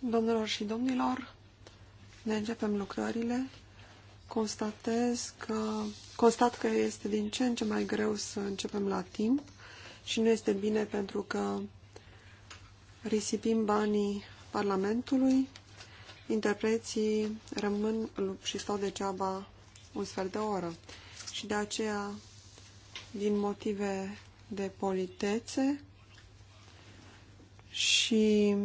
Domnilor și domnilor, ne începem lucrările. Constatez că, constat că este din ce în ce mai greu să începem la timp și nu este bine pentru că risipim banii Parlamentului, interpreții rămân și stau degeaba un sfert de oră. Și de aceea, din motive de politețe, și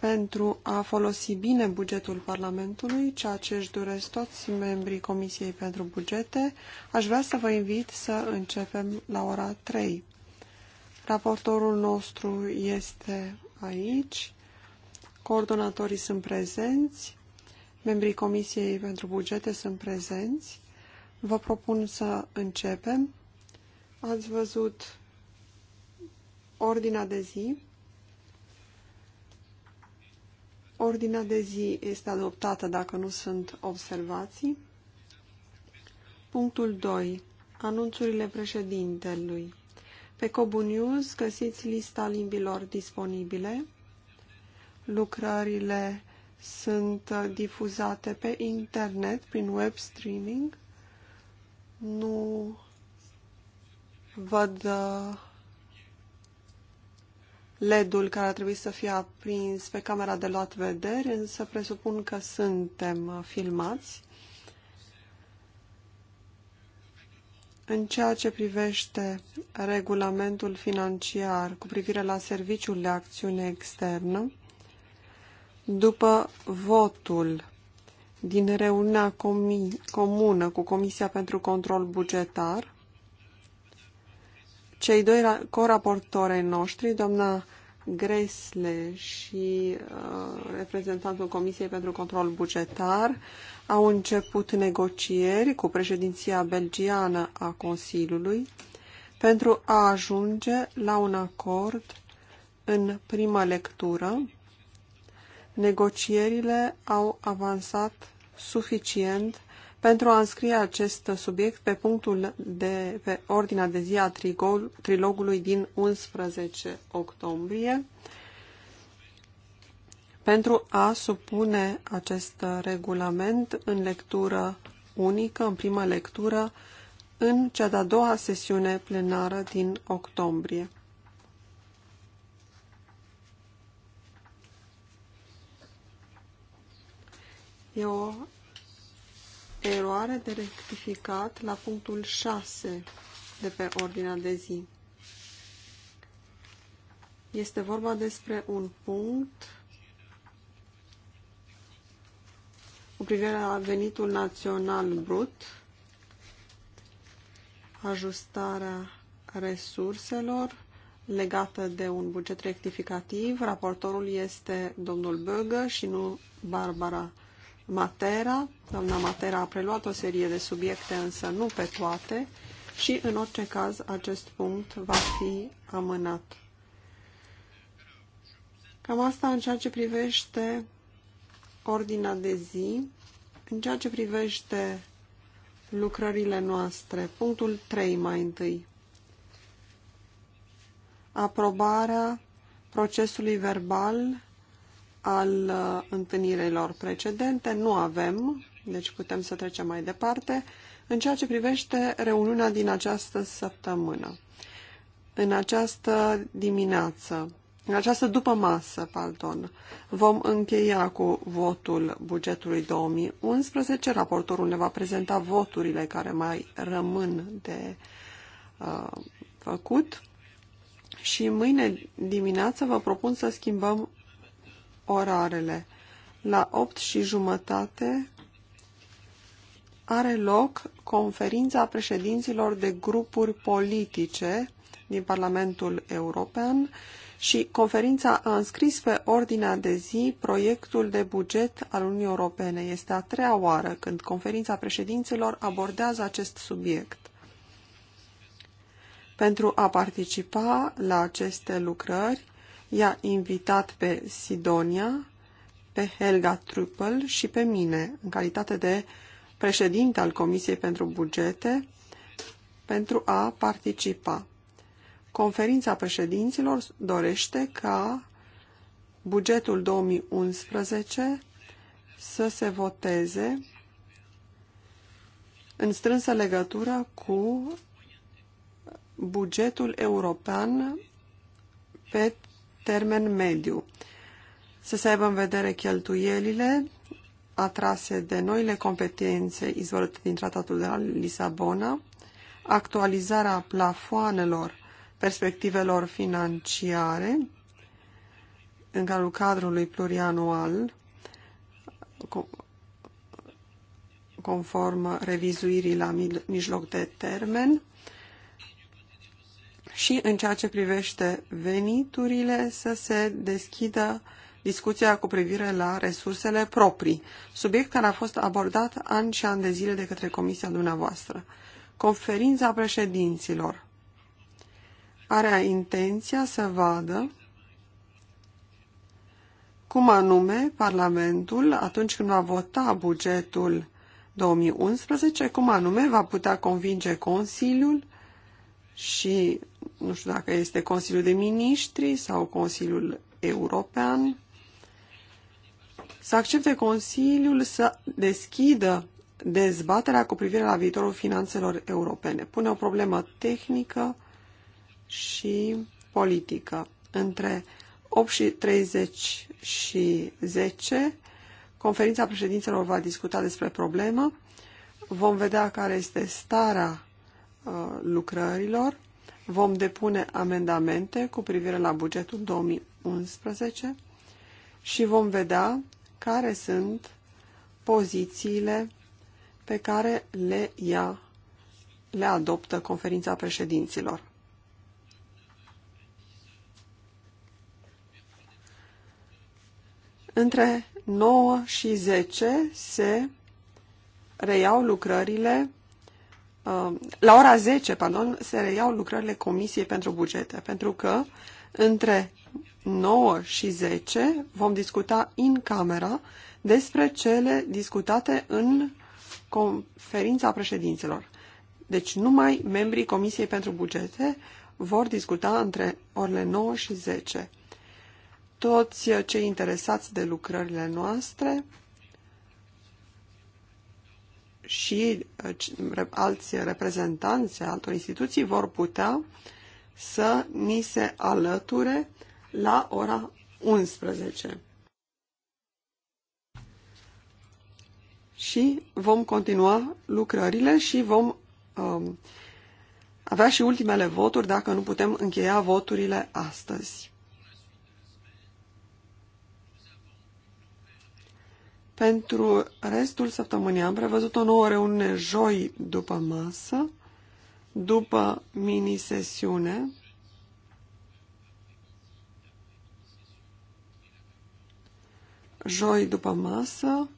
pentru a folosi bine bugetul Parlamentului, ceea ce își doresc toți membrii Comisiei pentru Bugete, aș vrea să vă invit să începem la ora 3. Raportorul nostru este aici, coordonatorii sunt prezenți, membrii Comisiei pentru Bugete sunt prezenți. Vă propun să începem. Ați văzut ordinea de zi. Ordinea de zi este adoptată dacă nu sunt observații. Punctul 2. Anunțurile președintelui. Pe Cobu News găsiți lista limbilor disponibile. Lucrările sunt difuzate pe internet prin web streaming. Nu văd uh, LED-ul care ar trebui să fie aprins pe camera de luat vederi, însă presupun că suntem uh, filmați. În ceea ce privește regulamentul financiar cu privire la serviciul de acțiune externă, după votul din reuniunea comună cu Comisia pentru Control Bugetar, cei doi coraportorei noștri, doamna Gresle și uh, reprezentantul Comisiei pentru Control Bugetar, au început negocieri cu președinția belgiană a Consiliului pentru a ajunge la un acord în prima lectură. Negocierile au avansat suficient pentru a înscrie acest subiect pe punctul de pe ordinea de zi a trilogului din 11 octombrie pentru a supune acest regulament în lectură unică, în prima lectură, în cea de-a doua sesiune plenară din octombrie. E o eroare de rectificat la punctul 6 de pe ordinea de zi. Este vorba despre un punct cu privire la venitul național brut, ajustarea resurselor legată de un buget rectificativ. Raportorul este domnul Bögă și nu Barbara Matera. Doamna Matera a preluat o serie de subiecte, însă nu pe toate și, în orice caz, acest punct va fi amânat. Cam asta în ceea ce privește ordinea de zi, în ceea ce privește lucrările noastre. Punctul 3 mai întâi. Aprobarea procesului verbal al uh, întâlnirilor precedente nu avem, deci putem să trecem mai departe, în ceea ce privește reuniunea din această săptămână. În această dimineață, în această după masă, pardon, vom încheia cu votul bugetului 2011. Raportorul ne va prezenta voturile care mai rămân de uh, făcut. Și mâine dimineață vă propun să schimbăm orarele. La 8 și jumătate are loc conferința președinților de grupuri politice din Parlamentul European și conferința a înscris pe ordinea de zi proiectul de buget al Uniunii Europene. Este a treia oară când conferința președinților abordează acest subiect. Pentru a participa la aceste lucrări, i-a invitat pe Sidonia, pe Helga Truppel și pe mine, în calitate de președinte al Comisiei pentru Bugete, pentru a participa. Conferința președinților dorește ca bugetul 2011 să se voteze în strânsă legătură cu bugetul european pe termen mediu. Să se aibă în vedere cheltuielile atrase de noile competențe izvorâte din Tratatul de la Lisabona, actualizarea plafoanelor perspectivelor financiare în cadrul cadrului plurianual conform revizuirii la mijloc de termen, și în ceea ce privește veniturile să se deschidă discuția cu privire la resursele proprii, subiect care a fost abordat an și an de zile de către comisia dumneavoastră. Conferința președinților are intenția să vadă cum anume Parlamentul, atunci când va vota bugetul 2011, cum anume va putea convinge Consiliul și nu știu dacă este Consiliul de Ministri sau Consiliul European, să accepte Consiliul să deschidă dezbaterea cu privire la viitorul finanțelor europene. Pune o problemă tehnică și politică. Între 8 și 30 și 10, conferința președinților va discuta despre problemă. Vom vedea care este starea Uh, lucrărilor. Vom depune amendamente cu privire la bugetul 2011 și vom vedea care sunt pozițiile pe care le ia, le adoptă conferința președinților. Între 9 și 10 se reiau lucrările Uh, la ora 10, pardon, se reiau lucrările Comisiei pentru bugete, pentru că între 9 și 10 vom discuta în camera despre cele discutate în conferința președinților. Deci numai membrii Comisiei pentru bugete vor discuta între orele 9 și 10. Toți cei interesați de lucrările noastre și uh, alți reprezentanți altor instituții vor putea să ni se alăture la ora 11. Și vom continua lucrările și vom um, avea și ultimele voturi dacă nu putem încheia voturile astăzi. Pentru restul săptămânii am prevăzut o nouă reuniune joi după masă, după mini-sesiune. Joi după masă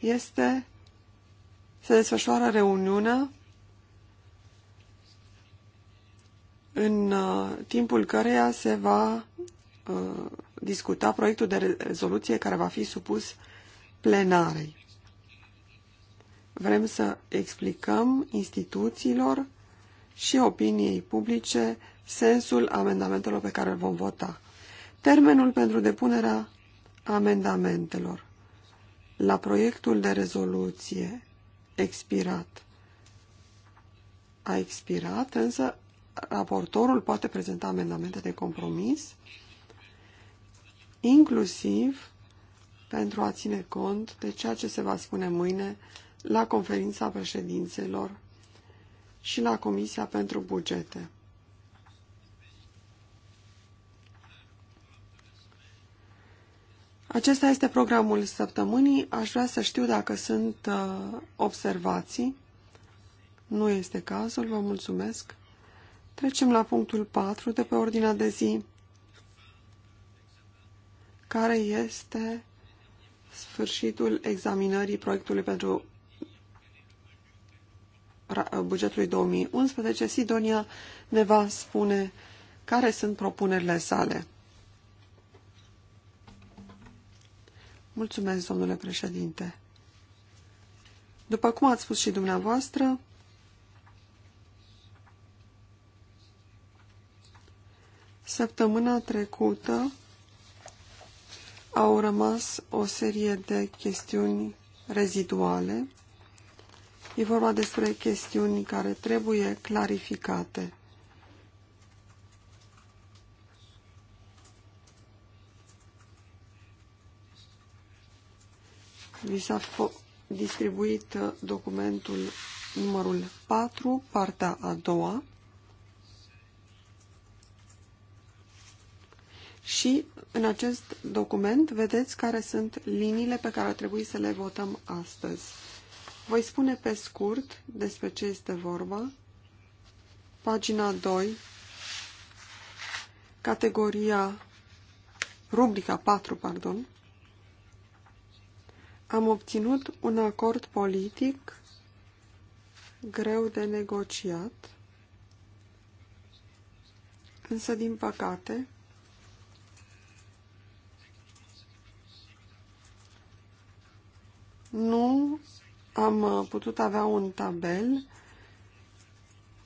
este se desfășoară reuniunea în uh, timpul căreia se va uh, discuta proiectul de rezoluție care va fi supus plenarei. Vrem să explicăm instituțiilor și opiniei publice sensul amendamentelor pe care îl vom vota. Termenul pentru depunerea amendamentelor la proiectul de rezoluție expirat. A expirat, însă raportorul poate prezenta amendamente de compromis, inclusiv pentru a ține cont de ceea ce se va spune mâine la conferința președințelor și la Comisia pentru Bugete. Acesta este programul săptămânii. Aș vrea să știu dacă sunt uh, observații. Nu este cazul, vă mulțumesc. Trecem la punctul 4 de pe ordinea de zi, care este sfârșitul examinării proiectului pentru bugetului 2011, Sidonia ne va spune care sunt propunerile sale. Mulțumesc, domnule președinte. După cum ați spus și dumneavoastră, săptămâna trecută au rămas o serie de chestiuni reziduale. E vorba despre chestiuni care trebuie clarificate. Vi s-a distribuit documentul numărul 4, partea a doua. Și în acest document vedeți care sunt liniile pe care ar trebui să le votăm astăzi. Voi spune pe scurt despre ce este vorba. Pagina 2, categoria, rubrica 4, pardon, am obținut un acord politic greu de negociat, însă, din păcate, nu am uh, putut avea un tabel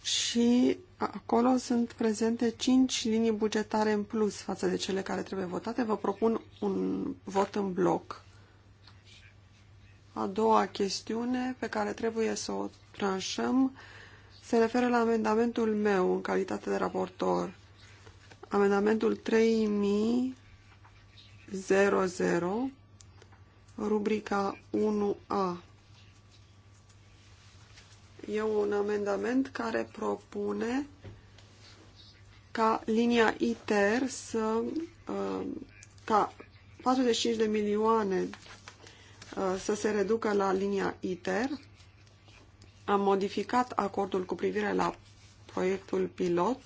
și acolo sunt prezente 5 linii bugetare în plus față de cele care trebuie votate. Vă propun un vot în bloc. A doua chestiune pe care trebuie să o tranșăm se referă la amendamentul meu în calitate de raportor. Amendamentul 3000 rubrica 1A. E un amendament care propune ca linia ITER să uh, ca 45 de milioane uh, să se reducă la linia ITER. Am modificat acordul cu privire la proiectul pilot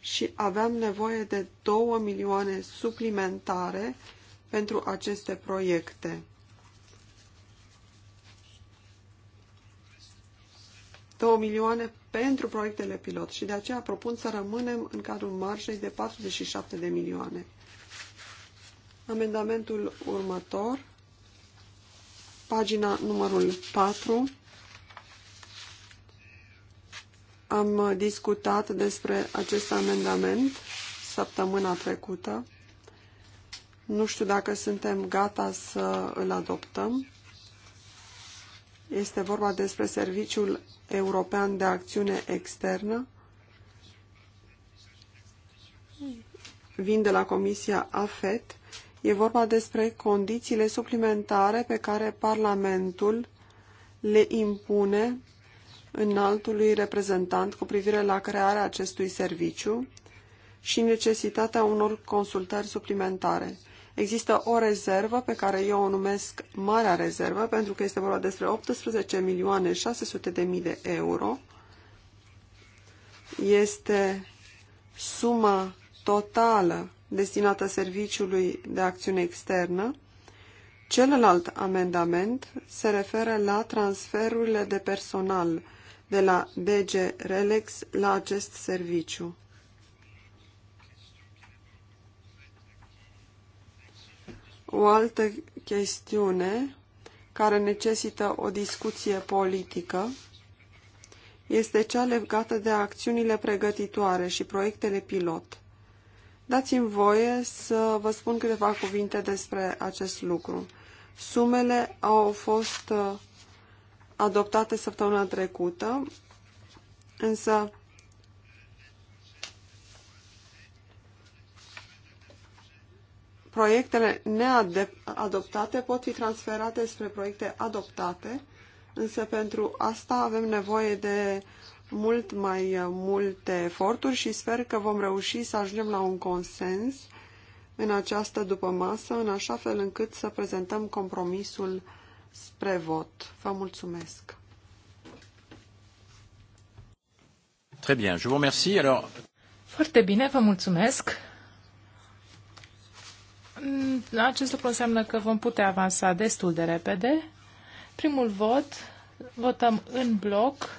și aveam nevoie de 2 milioane suplimentare pentru aceste proiecte. Două milioane pentru proiectele pilot și de aceea propun să rămânem în cadrul marjei de 47 de milioane. Amendamentul următor, pagina numărul 4, am discutat despre acest amendament săptămâna trecută. Nu știu dacă suntem gata să îl adoptăm. Este vorba despre Serviciul European de Acțiune Externă. Vin de la Comisia AFET. E vorba despre condițiile suplimentare pe care Parlamentul le impune înaltului reprezentant cu privire la crearea acestui serviciu și necesitatea unor consultări suplimentare. Există o rezervă pe care eu o numesc Marea Rezervă, pentru că este vorba despre 18 milioane 600 de mii de euro. Este suma totală destinată Serviciului de Acțiune Externă. Celălalt amendament se referă la transferurile de personal de la DG Relex la acest serviciu. O altă chestiune care necesită o discuție politică este cea legată de acțiunile pregătitoare și proiectele pilot. Dați-mi voie să vă spun câteva cuvinte despre acest lucru. Sumele au fost uh, adoptate săptămâna trecută, însă proiectele neadoptate pot fi transferate spre proiecte adoptate, însă pentru asta avem nevoie de mult mai multe eforturi și sper că vom reuși să ajungem la un consens în această dupămasă, în așa fel încât să prezentăm compromisul spre vot. Vă mulțumesc! Très bien, je vous remercie. Alors... Foarte bine, vă mulțumesc. Mm, acest lucru înseamnă că vom putea avansa destul de repede. Primul vot, votăm în bloc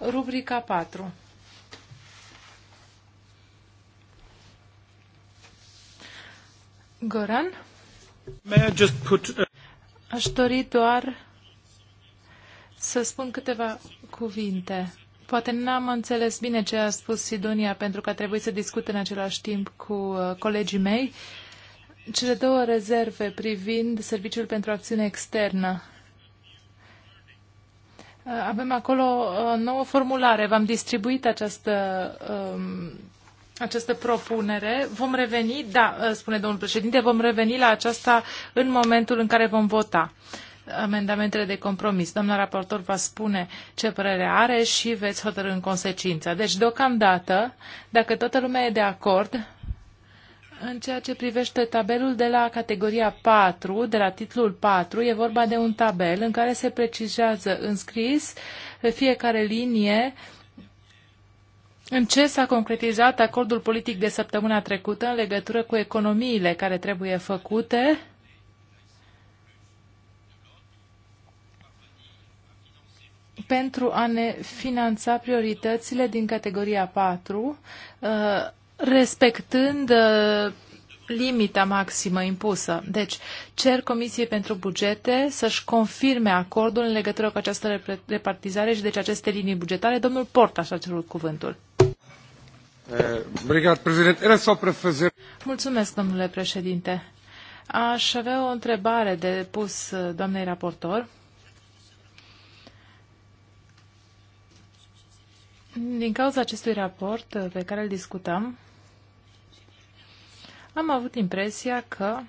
rubrica 4. Goran? May I just put... Uh, Aș dori doar să spun câteva cuvinte. Poate n-am înțeles bine ce a spus Sidonia, pentru că a trebuit să discut în același timp cu uh, colegii mei cele două rezerve privind Serviciul pentru Acțiune Externă. Uh, avem acolo o uh, nouă formulare. V-am distribuit această, um, această propunere. Vom reveni, da, spune domnul președinte, vom reveni la aceasta în momentul în care vom vota amendamentele de compromis. Doamna raportor va spune ce părere are și veți hotărâ în consecință. Deci, deocamdată, dacă toată lumea e de acord, în ceea ce privește tabelul de la categoria 4, de la titlul 4, e vorba de un tabel în care se precizează înscris pe fiecare linie în ce s-a concretizat acordul politic de săptămâna trecută în legătură cu economiile care trebuie făcute pentru a ne finanța prioritățile din categoria 4, uh, respectând uh, limita maximă impusă. Deci, cer Comisiei pentru Bugete să-și confirme acordul în legătură cu această repartizare și deci aceste linii bugetare. Domnul și a cerut cuvântul. Eh, Mulțumesc, domnule președinte. Aș avea o întrebare de pus uh, doamnei raportor. Din cauza acestui raport uh, pe care îl discutăm, am avut impresia că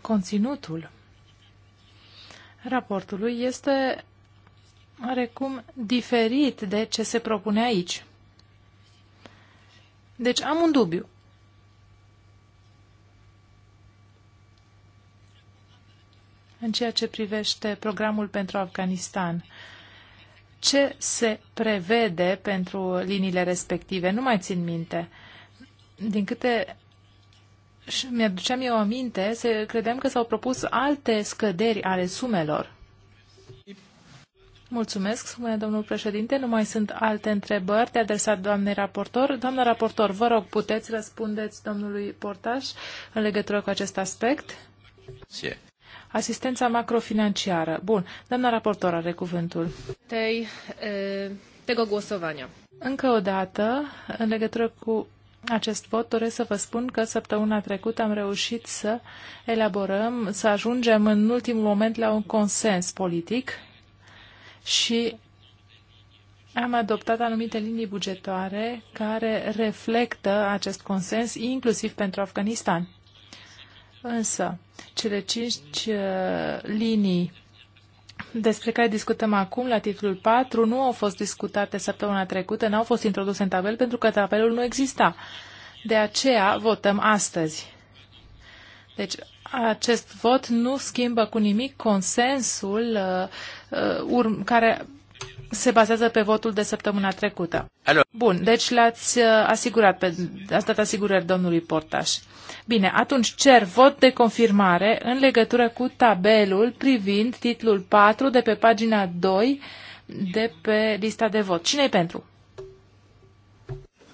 conținutul raportului este oarecum diferit de ce se propune aici. Deci am un dubiu. În ceea ce privește programul pentru Afganistan, ce se prevede pentru liniile respective. Nu mai țin minte. Din câte mi-aduceam eu aminte, se, credeam că s-au propus alte scăderi ale sumelor. Mulțumesc, spune domnul președinte. Nu mai sunt alte întrebări de adresat doamnei raportor. Doamna raportor, vă rog, puteți răspundeți domnului Portaș în legătură cu acest aspect? Sie. Asistența macrofinanciară. Bun. Doamna raportor are cuvântul. Tei, tego Încă o dată, în legătură cu acest vot, doresc să vă spun că săptămâna trecută am reușit să elaborăm, să ajungem în ultimul moment la un consens politic și am adoptat anumite linii bugetare care reflectă acest consens, inclusiv pentru Afganistan. Însă, cele cinci uh, linii despre care discutăm acum la titlul 4 nu au fost discutate săptămâna trecută, n-au fost introduse în tabel pentru că tabelul nu exista. De aceea votăm astăzi. Deci acest vot nu schimbă cu nimic consensul uh, uh, care se bazează pe votul de săptămâna trecută. Alo. Bun, deci l-ați uh, asigurat, pe, ați dat asigurări domnului Portaș. Bine, atunci cer vot de confirmare în legătură cu tabelul privind titlul 4 de pe pagina 2 de pe lista de vot. cine e pentru?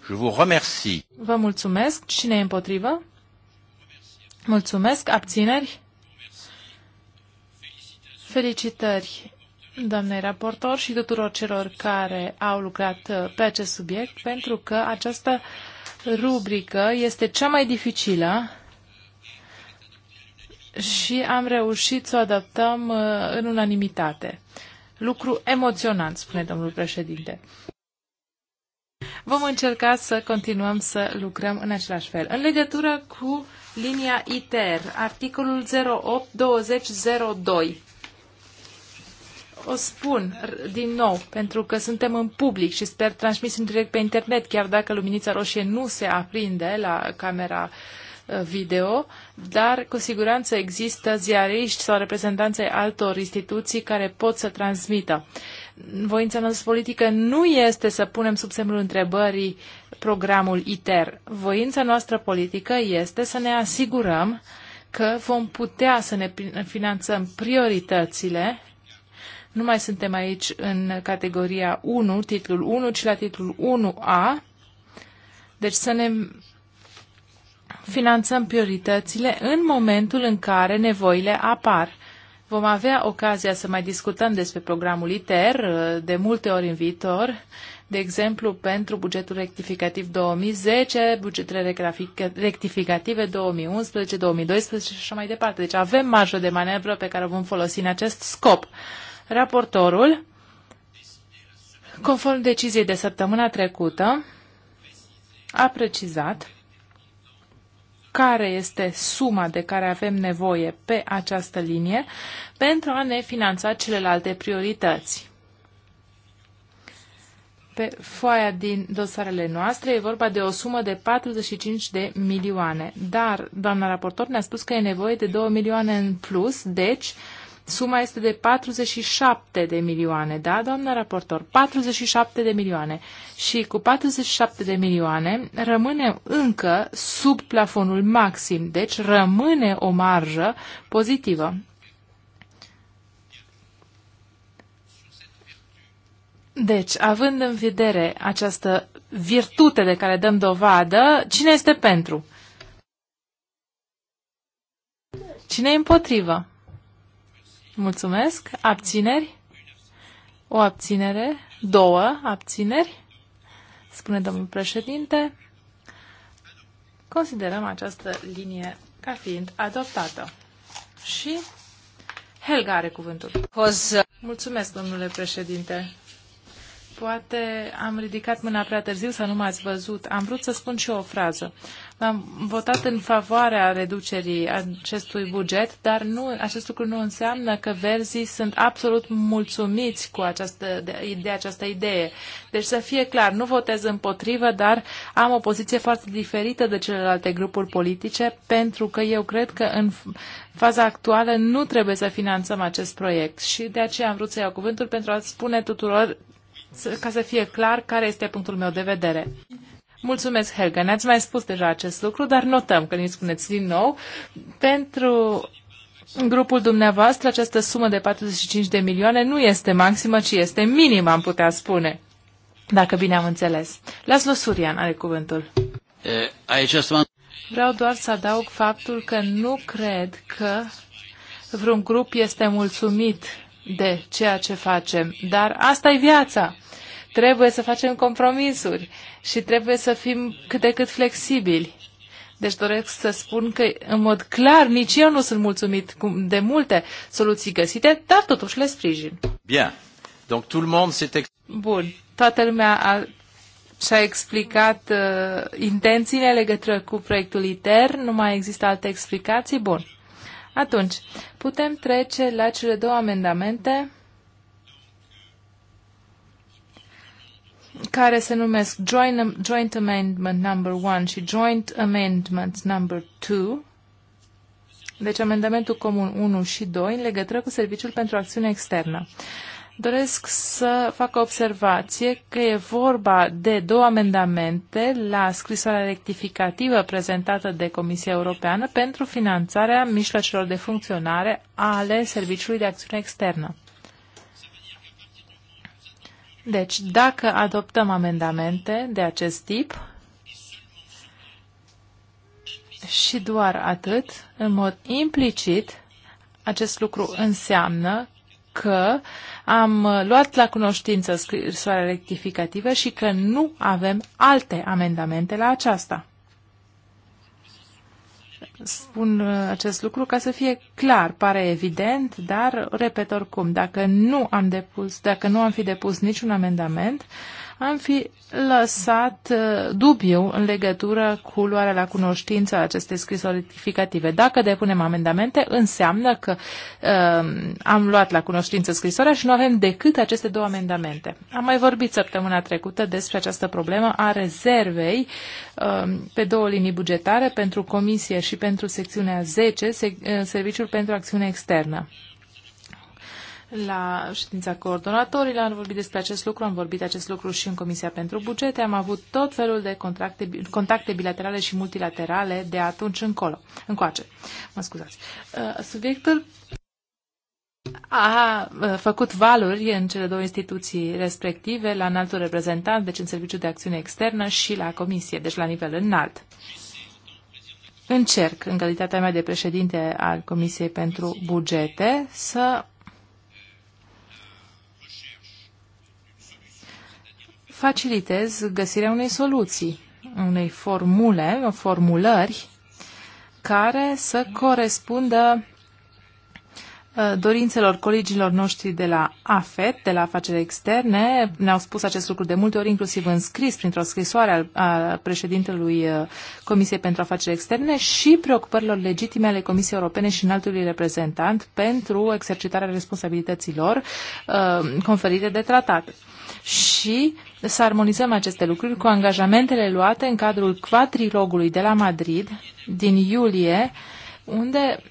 Je vous remercie. Vă mulțumesc. Cine e împotrivă? Mulțumesc. Abțineri? Felicitări doamnei raportor și tuturor celor care au lucrat uh, pe acest subiect, pentru că această rubrică este cea mai dificilă și am reușit să o adaptăm uh, în unanimitate. Lucru emoționant, spune domnul președinte. Vom încerca să continuăm să lucrăm în același fel. În legătură cu linia ITER, articolul 08202 o spun din nou, pentru că suntem în public și sper transmis în direct pe internet, chiar dacă luminița roșie nu se aprinde la camera video, dar cu siguranță există ziariști sau reprezentanțe altor instituții care pot să transmită. Voința noastră politică nu este să punem sub semnul întrebării programul ITER. Voința noastră politică este să ne asigurăm că vom putea să ne finanțăm prioritățile nu mai suntem aici în categoria 1, titlul 1, ci la titlul 1A. Deci să ne finanțăm prioritățile în momentul în care nevoile apar. Vom avea ocazia să mai discutăm despre programul ITER de multe ori în viitor, de exemplu pentru bugetul rectificativ 2010, bugetele rectificative 2011, 2012 și așa mai departe. Deci avem marjă de manevră pe care o vom folosi în acest scop. Raportorul, conform deciziei de săptămâna trecută, a precizat care este suma de care avem nevoie pe această linie pentru a ne finanța celelalte priorități. Pe foaia din dosarele noastre e vorba de o sumă de 45 de milioane, dar doamna raportor ne-a spus că e nevoie de 2 milioane în plus, deci Suma este de 47 de milioane, da, doamnă raportor? 47 de milioane. Și cu 47 de milioane rămâne încă sub plafonul maxim, deci rămâne o marjă pozitivă. Deci, având în vedere această virtute de care dăm dovadă, cine este pentru? Cine e împotrivă? Mulțumesc. Abțineri? O abținere? Două abțineri? Spune domnul președinte. Considerăm această linie ca fiind adoptată. Și Helga are cuvântul. Mulțumesc, domnule președinte. Poate am ridicat mâna prea târziu să nu m-ați văzut. Am vrut să spun și eu o frază. Am votat în favoarea reducerii acestui buget, dar nu, acest lucru nu înseamnă că verzii sunt absolut mulțumiți cu această, de, de această idee. Deci să fie clar, nu votez împotrivă, dar am o poziție foarte diferită de celelalte grupuri politice, pentru că eu cred că în faza actuală nu trebuie să finanțăm acest proiect și de aceea am vrut să iau cuvântul pentru a spune tuturor ca să fie clar care este punctul meu de vedere. Mulțumesc, Helga. Ne-ați mai spus deja acest lucru, dar notăm că ne spuneți din nou. Pentru grupul dumneavoastră, această sumă de 45 de milioane nu este maximă, ci este minimă, am putea spune, dacă bine am înțeles. Laslo Surian are cuvântul. Eh, Vreau doar să adaug faptul că nu cred că vreun grup este mulțumit de ceea ce facem, dar asta e viața. Trebuie să facem compromisuri și trebuie să fim cât de cât flexibili. Deci doresc să spun că, în mod clar, nici eu nu sunt mulțumit de multe soluții găsite, dar totuși le sprijin. Bien. Donc tout le monde s'est Bun. Toată lumea a, și-a explicat uh, intențiile legătură cu proiectul ITER. Nu mai există alte explicații? Bun. Atunci, putem trece la cele două amendamente care se numesc Joint, joint Amendment Number 1 și Joint Amendment Number 2, deci amendamentul comun 1 și 2 în legătură cu Serviciul pentru Acțiune Externă. Uh, doresc să fac o observație că e vorba de două amendamente la scrisoarea rectificativă prezentată de Comisia Europeană pentru finanțarea mijloacelor de funcționare ale Serviciului de Acțiune Externă. Deci, dacă adoptăm amendamente de acest tip și doar atât, în mod implicit, acest lucru înseamnă că am luat la cunoștință scrisoarea rectificativă și că nu avem alte amendamente la aceasta. Spun uh, acest lucru ca să fie clar, pare evident, dar repet oricum, dacă nu am, depus, dacă nu am fi depus niciun amendament, am fi lăsat uh, dubiu în legătură cu luarea la cunoștință a acestei scrisori rectificative. Dacă depunem amendamente, înseamnă că uh, am luat la cunoștință scrisoarea și nu avem decât aceste două amendamente. Am mai vorbit săptămâna trecută despre această problemă a rezervei uh, pe două linii bugetare pentru comisie și pentru secțiunea 10, sec, uh, Serviciul pentru Acțiune Externă la ședința coordonatorilor, am vorbit despre acest lucru, am vorbit acest lucru și în Comisia pentru Bugete, am avut tot felul de contracte, contacte bilaterale și multilaterale de atunci încolo, încoace. Mă scuzați. Uh, subiectul a uh, făcut valuri în cele două instituții respective, la înaltul reprezentant, deci în Serviciul de Acțiune Externă și la Comisie, deci la nivel înalt. Încerc, în calitatea mea de președinte al Comisiei pentru Bugete, să facilitez găsirea unei soluții, unei formule, formulări care să corespundă uh, dorințelor colegilor noștri de la AFET, de la afaceri externe. Ne-au spus acest lucru de multe ori, inclusiv în scris, printr-o scrisoare a președintelui uh, Comisiei pentru Afaceri Externe și preocupărilor legitime ale Comisiei Europene și înaltului reprezentant pentru exercitarea responsabilităților uh, conferite de tratat. Și să armonizăm aceste lucruri cu angajamentele luate în cadrul quadrilogului de la Madrid din iulie, unde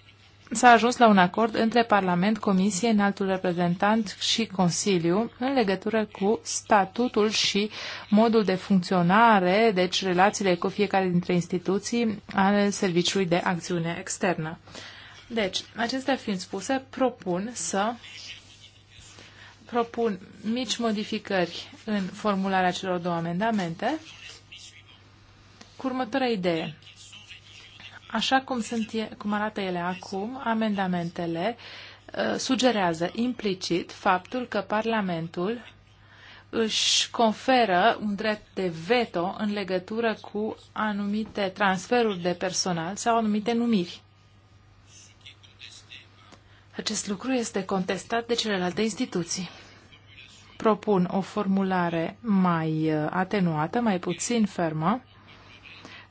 s-a ajuns la un acord între Parlament, Comisie, înaltul reprezentant și Consiliu în legătură cu statutul și modul de funcționare, deci relațiile cu fiecare dintre instituții ale Serviciului de Acțiune Externă. Deci, acestea fiind spuse, propun să propun mici modificări în formularea celor două amendamente cu următoarea idee. Așa cum, sunt, cum arată ele acum, amendamentele uh, sugerează implicit faptul că Parlamentul își conferă un drept de veto în legătură cu anumite transferuri de personal sau anumite numiri. Acest lucru este contestat de celelalte instituții. Propun o formulare mai uh, atenuată, mai puțin fermă,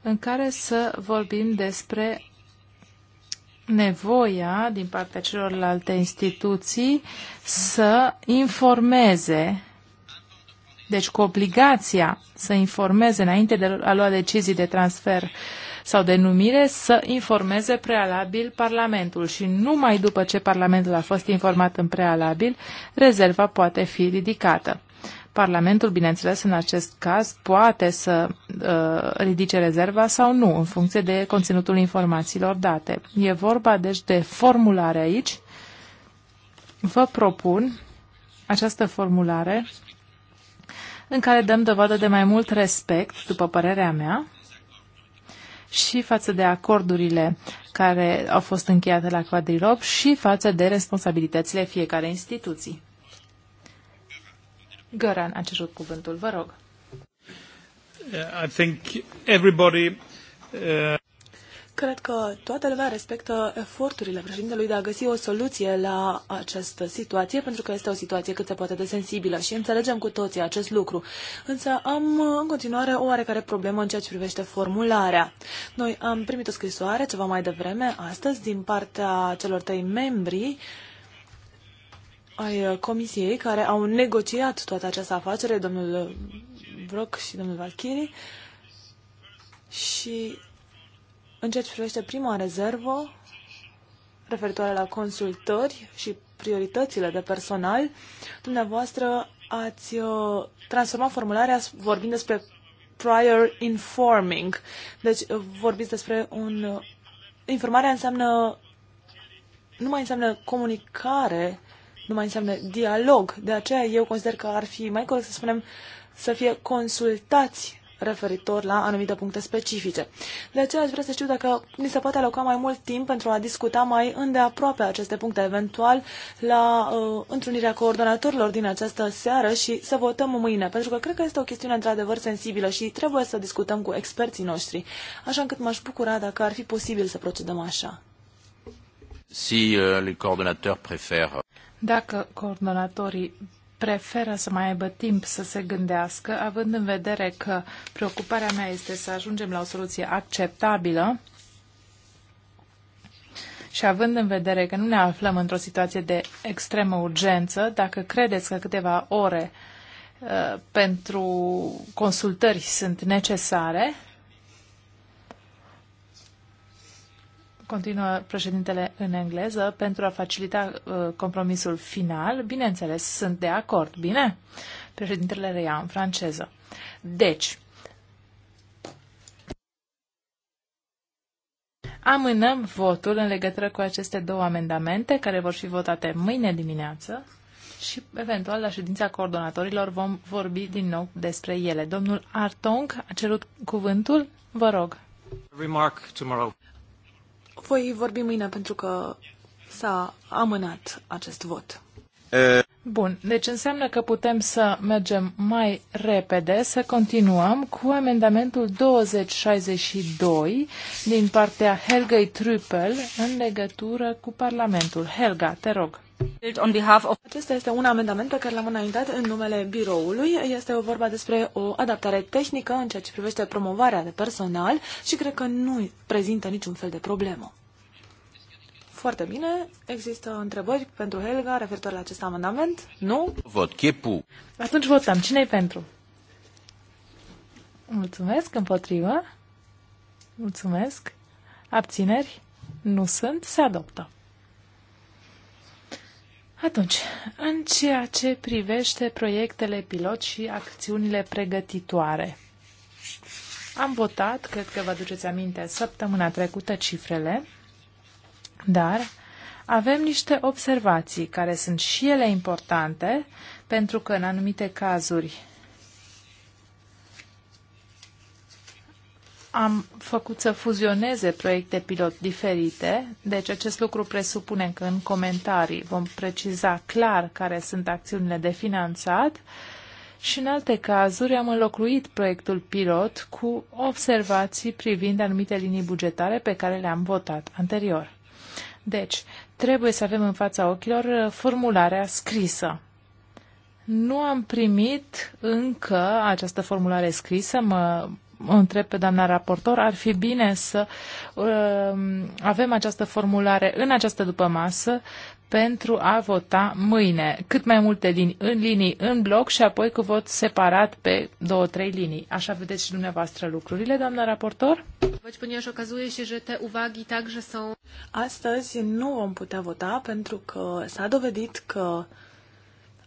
în care să vorbim despre nevoia din partea celorlalte instituții să informeze, deci cu obligația să informeze înainte de a lua decizii de transfer uh, sau denumire să informeze prealabil Parlamentul și numai după ce Parlamentul a fost informat în prealabil, rezerva poate fi ridicată. Parlamentul, bineînțeles, în acest caz poate să uh, ridice rezerva sau nu, în funcție de conținutul informațiilor date. E vorba, deci, de formulare aici. Vă propun această formulare în care dăm dovadă de mai mult respect, după părerea mea, și față de acordurile care au fost încheiate la Quadrilop și față de responsabilitățile fiecare instituții. Găran a cerut cuvântul, vă rog. I think everybody uh... Cred că toată lumea respectă eforturile președintelui de a găsi o soluție la această situație, pentru că este o situație cât se poate de sensibilă și înțelegem cu toții acest lucru. Însă am în continuare o oarecare problemă în ceea ce privește formularea. Noi am primit o scrisoare ceva mai devreme astăzi din partea celor trei membri ai comisiei care au negociat toată această afacere, domnul Brock și domnul Valkyrie. Și în ce privește prima rezervă, referitoare la consultări și prioritățile de personal, dumneavoastră ați uh, transformat formularea vorbind despre prior informing. Deci uh, vorbiți despre un... Uh, informarea înseamnă... Nu mai înseamnă comunicare, nu mai înseamnă dialog. De aceea eu consider că ar fi mai corect să spunem să fie consultați referitor la anumite puncte specifice. De aceea aș vrea să știu dacă ni se poate aloca mai mult timp pentru a discuta mai îndeaproape aceste puncte, eventual la uh, întrunirea coordonatorilor din această seară și să votăm mâine, pentru că cred că este o chestiune într-adevăr sensibilă și trebuie să discutăm cu experții noștri, așa încât m-aș bucura dacă ar fi posibil să procedăm așa. Si uh, les uh, Dacă coordonatorii preferă să mai aibă timp să se gândească, având în vedere că preocuparea mea este să ajungem la o soluție acceptabilă și având în vedere că nu ne aflăm într-o situație de extremă urgență, dacă credeți că câteva ore uh, pentru consultări sunt necesare, continuă președintele în engleză, pentru a facilita uh, compromisul final, bineînțeles, sunt de acord, bine? Președintele reia în franceză. Deci, amânăm votul în legătură cu aceste două amendamente care vor fi votate mâine dimineață și eventual la ședința coordonatorilor vom vorbi din nou despre ele. Domnul Artong a cerut cuvântul, vă rog. Remark tomorrow. Voi vorbi mâine pentru că s-a amânat acest vot. Bun, deci înseamnă că putem să mergem mai repede, să continuăm cu amendamentul 2062 din partea Helgei Trüppel în legătură cu Parlamentul. Helga, te rog. Acesta este un amendament pe care l-am înaintat în numele biroului. Este o vorba despre o adaptare tehnică în ceea ce privește promovarea de personal și cred că nu prezintă niciun fel de problemă. Foarte bine. Există întrebări pentru Helga referitor la acest amendament? Nu? Vot chepu. Atunci votăm. cine e pentru? Mulțumesc. Împotrivă? Mulțumesc. Abțineri? Nu sunt. Se adoptă. Atunci, în ceea ce privește proiectele pilot și acțiunile pregătitoare, am votat, cred că vă aduceți aminte, săptămâna trecută cifrele dar avem niște observații care sunt și ele importante, pentru că în anumite cazuri am făcut să fuzioneze proiecte pilot diferite, deci acest lucru presupune că în comentarii vom preciza clar care sunt acțiunile de finanțat și în alte cazuri am înlocuit proiectul pilot cu observații privind anumite linii bugetare pe care le-am votat anterior. Deci, trebuie să avem în fața ochilor uh, formularea scrisă. Nu am primit încă această formulare scrisă, mă întreb pe doamna raportor, ar fi bine să uh, avem această formulare în această dupămasă pentru a vota mâine cât mai multe din, în linii în bloc și apoi cu vot separat pe două, trei linii. Așa vedeți și dumneavoastră lucrurile, doamna raportor? Deci, Astăzi nu vom putea vota pentru că s-a dovedit că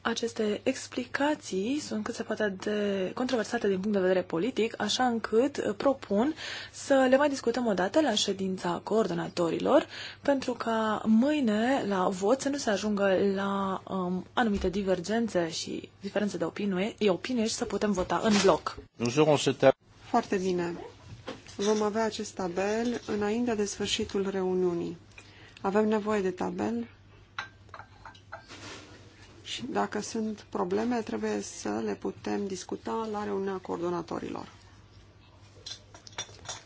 aceste explicații sunt cât se poate de controversate din punct de vedere politic, așa încât uh, propun să le mai discutăm o dată la ședința coordonatorilor, pentru ca mâine la vot să nu se ajungă la um, anumite divergențe și diferențe de opinie, opinie și să putem vota în bloc. Foarte bine. Vom avea acest tabel înainte de sfârșitul reuniunii. Avem nevoie de tabel și dacă sunt probleme, trebuie să le putem discuta la reuniunea coordonatorilor.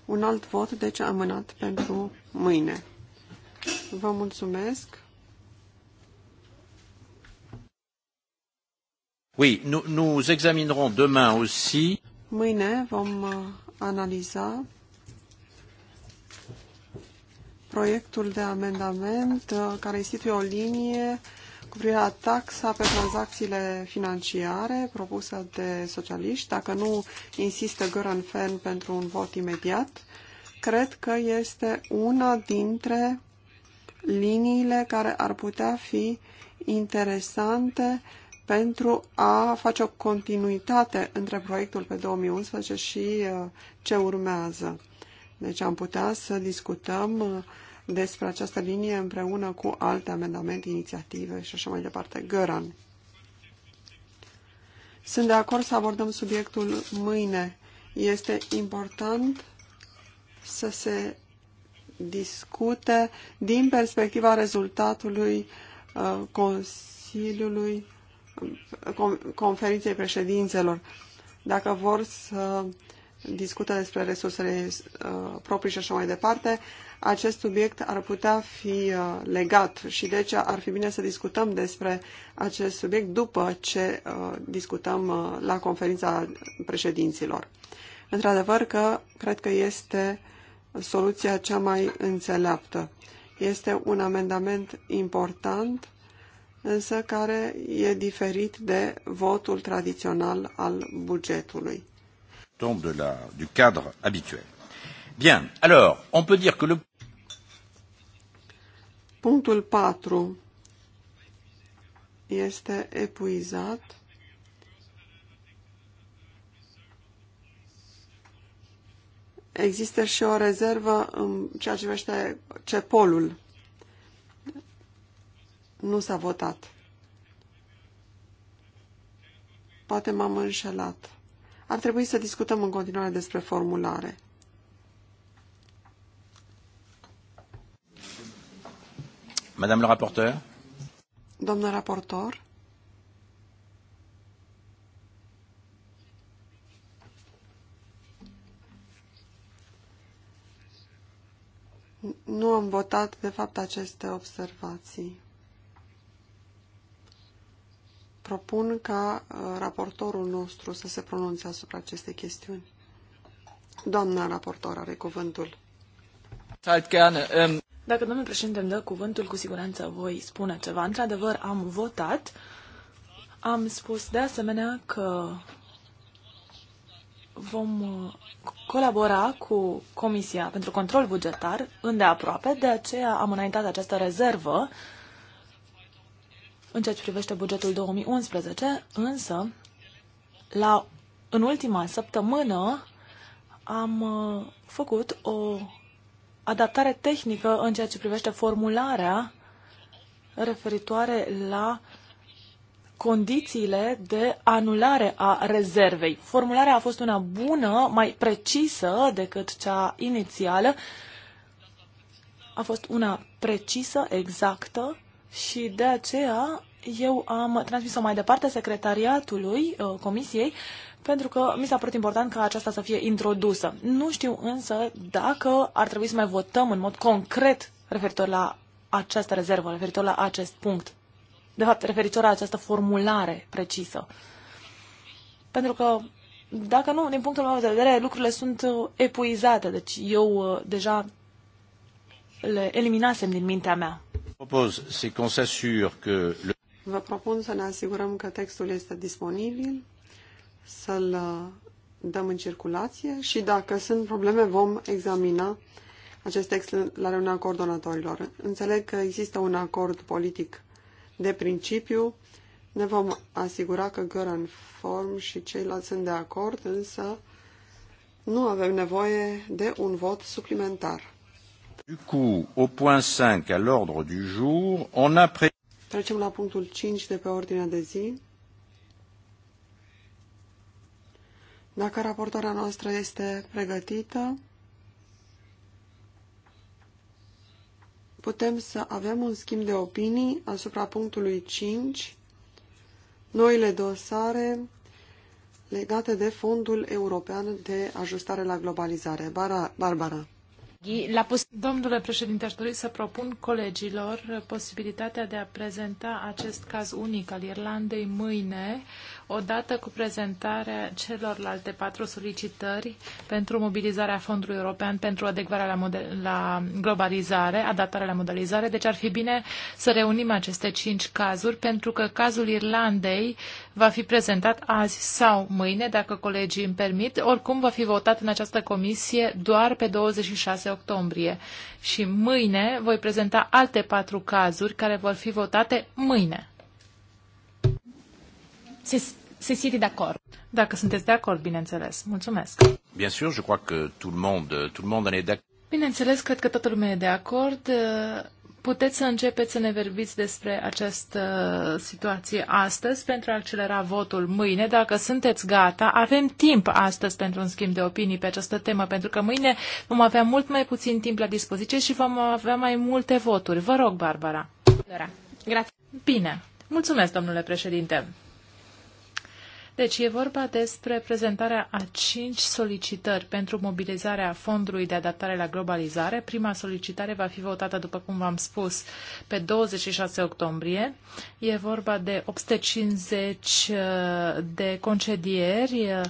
Un alt vot, deci amânat pentru mâine. Vă mulțumesc. Oui, nous, nous examinerons demain aussi. Mâine vom uh, analiza proiectul de amendament uh, care instituie o linie cu privire la taxa pe tranzacțiile financiare propusă de socialiști, dacă nu insistă Göran Fenn pentru un vot imediat, cred că este una dintre liniile care ar putea fi interesante pentru a face o continuitate între proiectul pe 2011 și uh, ce urmează. Deci am putea să discutăm uh, despre această linie împreună cu alte amendamente, inițiative și așa mai departe. Găran. Sunt de acord să abordăm subiectul mâine. Este important să se discute din perspectiva rezultatului uh, Consiliului uh, conferinței președințelor. Dacă vor să discută despre resursele uh, proprii și așa mai departe, acest subiect ar putea fi uh, legat și deci ar fi bine să discutăm despre acest subiect după ce uh, discutăm uh, la conferința președinților. Într-adevăr că cred că este soluția cea mai înțeleaptă. Este un amendament important, însă care e diferit de votul tradițional al bugetului sortons de la, du cadre habituel. Bien, alors, on peut dire que le... Punctul 4 este epuizat. Există și o rezervă în ceea ce privește cepolul. Nu s-a votat. Poate m-am înșelat ar trebui să discutăm în continuare despre formulare. Madame le rapporteur. Domnul raportor. Nu am votat, de fapt, aceste observații propun ca uh, raportorul nostru să se pronunțe asupra acestei chestiuni. Doamna raportor are cuvântul. Ähm, Dacă domnul președinte îmi dă cuvântul, cu siguranță voi spune ceva. Într-adevăr, am votat. Am spus de asemenea că vom uh, colabora cu Comisia pentru Control Bugetar îndeaproape, de aceea am înaintat această rezervă uh, în ceea ce privește bugetul 2011, însă, la, în ultima săptămână am uh, făcut o adaptare tehnică în ceea ce privește formularea referitoare la condițiile de anulare a rezervei. Formularea a fost una bună, mai precisă decât cea inițială. A fost una precisă, exactă și de aceea eu am transmis-o mai departe secretariatului uh, comisiei pentru că mi s-a părut important ca aceasta să fie introdusă. Nu știu însă dacă ar trebui să mai votăm în mod concret referitor la această rezervă, referitor la acest punct. De fapt, referitor la această formulare precisă. Pentru că, dacă nu, din punctul meu de vedere, lucrurile sunt uh, epuizate. Deci eu uh, deja le eliminasem din mintea mea. Vă propun să ne asigurăm că textul este disponibil, să-l uh, dăm în circulație și dacă sunt probleme vom examina acest text la reuniunea coordonatorilor. Înțeleg că există un acord politic de principiu. Ne vom asigura că Göran Form și ceilalți sunt de acord, însă nu avem nevoie de un vot suplimentar. Du coup, au point 5 à l'ordre du jour, on a pré... Trecem la punctul 5 de pe ordinea de zi. Dacă raportarea noastră este pregătită, putem să avem un schimb de opinii asupra punctului 5, noile dosare legate de Fondul European de Ajustare la Globalizare. Barbara. Barbara. Domnule președinte, aș dori să propun colegilor posibilitatea de a prezenta acest caz unic al Irlandei mâine, odată cu prezentarea celorlalte patru solicitări pentru mobilizarea Fondului European pentru adecvarea la, model, la globalizare, adaptarea la modalizare. Deci ar fi bine să reunim aceste cinci cazuri, pentru că cazul Irlandei va fi prezentat azi sau mâine, dacă colegii îmi permit. Oricum va fi votat în această comisie doar pe 26 octombrie. Și mâine voi prezenta alte patru cazuri care vor fi votate mâine. Se, se siete acord? Dacă sunteți de acord, bineînțeles. Mulțumesc. Bien sûr, je crois que tout le monde, tout le monde est d'accord. Bineînțeles, cred că toată lumea e de acord puteți să începeți să ne verbiți despre această situație astăzi pentru a accelera votul mâine. Dacă sunteți gata, avem timp astăzi pentru un schimb de opinii pe această temă, pentru că mâine vom avea mult mai puțin timp la dispoziție și vom avea mai multe voturi. Vă rog, Barbara. Bine. Mulțumesc, domnule președinte. Deci e vorba despre prezentarea a cinci solicitări pentru mobilizarea Fondului de Adaptare la Globalizare. Prima solicitare va fi votată, după cum v-am spus, pe 26 octombrie. E vorba de 850 uh, de concedieri uh,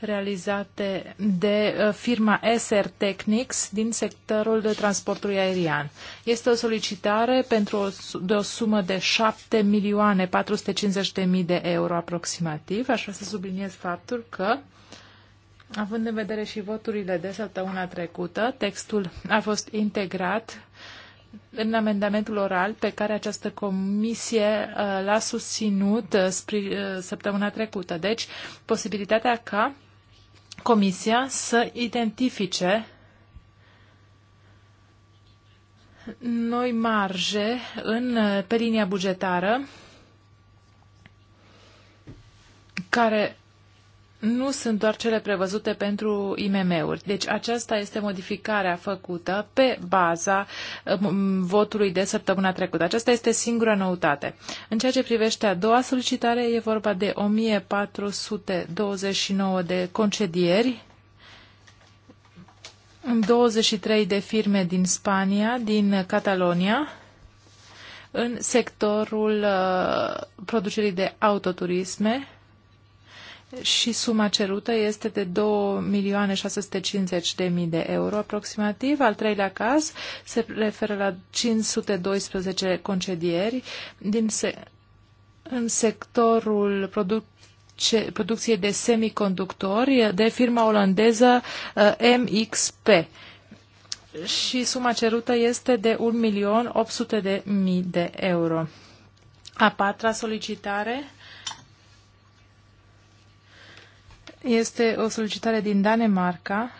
realizate de uh, firma SR Technics din sectorul de transportului aerian. Este o solicitare pentru o, de o sumă de 7 milioane 450 de mii de euro aproximativ. Aș vrea să subliniez faptul că Având în vedere și voturile de săptămâna trecută, textul a fost integrat în amendamentul oral pe care această comisie uh, l-a susținut uh, săptămâna trecută. Deci, posibilitatea ca Comisia să identifice noi marje în, pe linia bugetară care nu sunt doar cele prevăzute pentru IMM-uri. Deci aceasta este modificarea făcută pe baza uh, votului de săptămâna trecută. Aceasta este singura noutate. În ceea ce privește a doua solicitare, e vorba de 1429 de concedieri 23 de firme din Spania, din Catalonia, în sectorul uh, producerii de autoturisme, și suma cerută este de 2.650.000 de euro aproximativ. Al treilea caz se referă la 512 concedieri din se- în sectorul produc producție de semiconductori de firma olandeză uh, MXP și suma cerută este de 1.800.000 de euro. A patra solicitare este o solicitare din Danemarca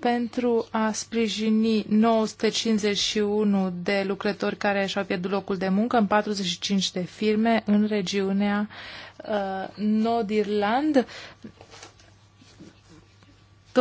pentru a sprijini 951 de lucrători care și-au pierdut locul de muncă în 45 de firme în regiunea uh, Nordirland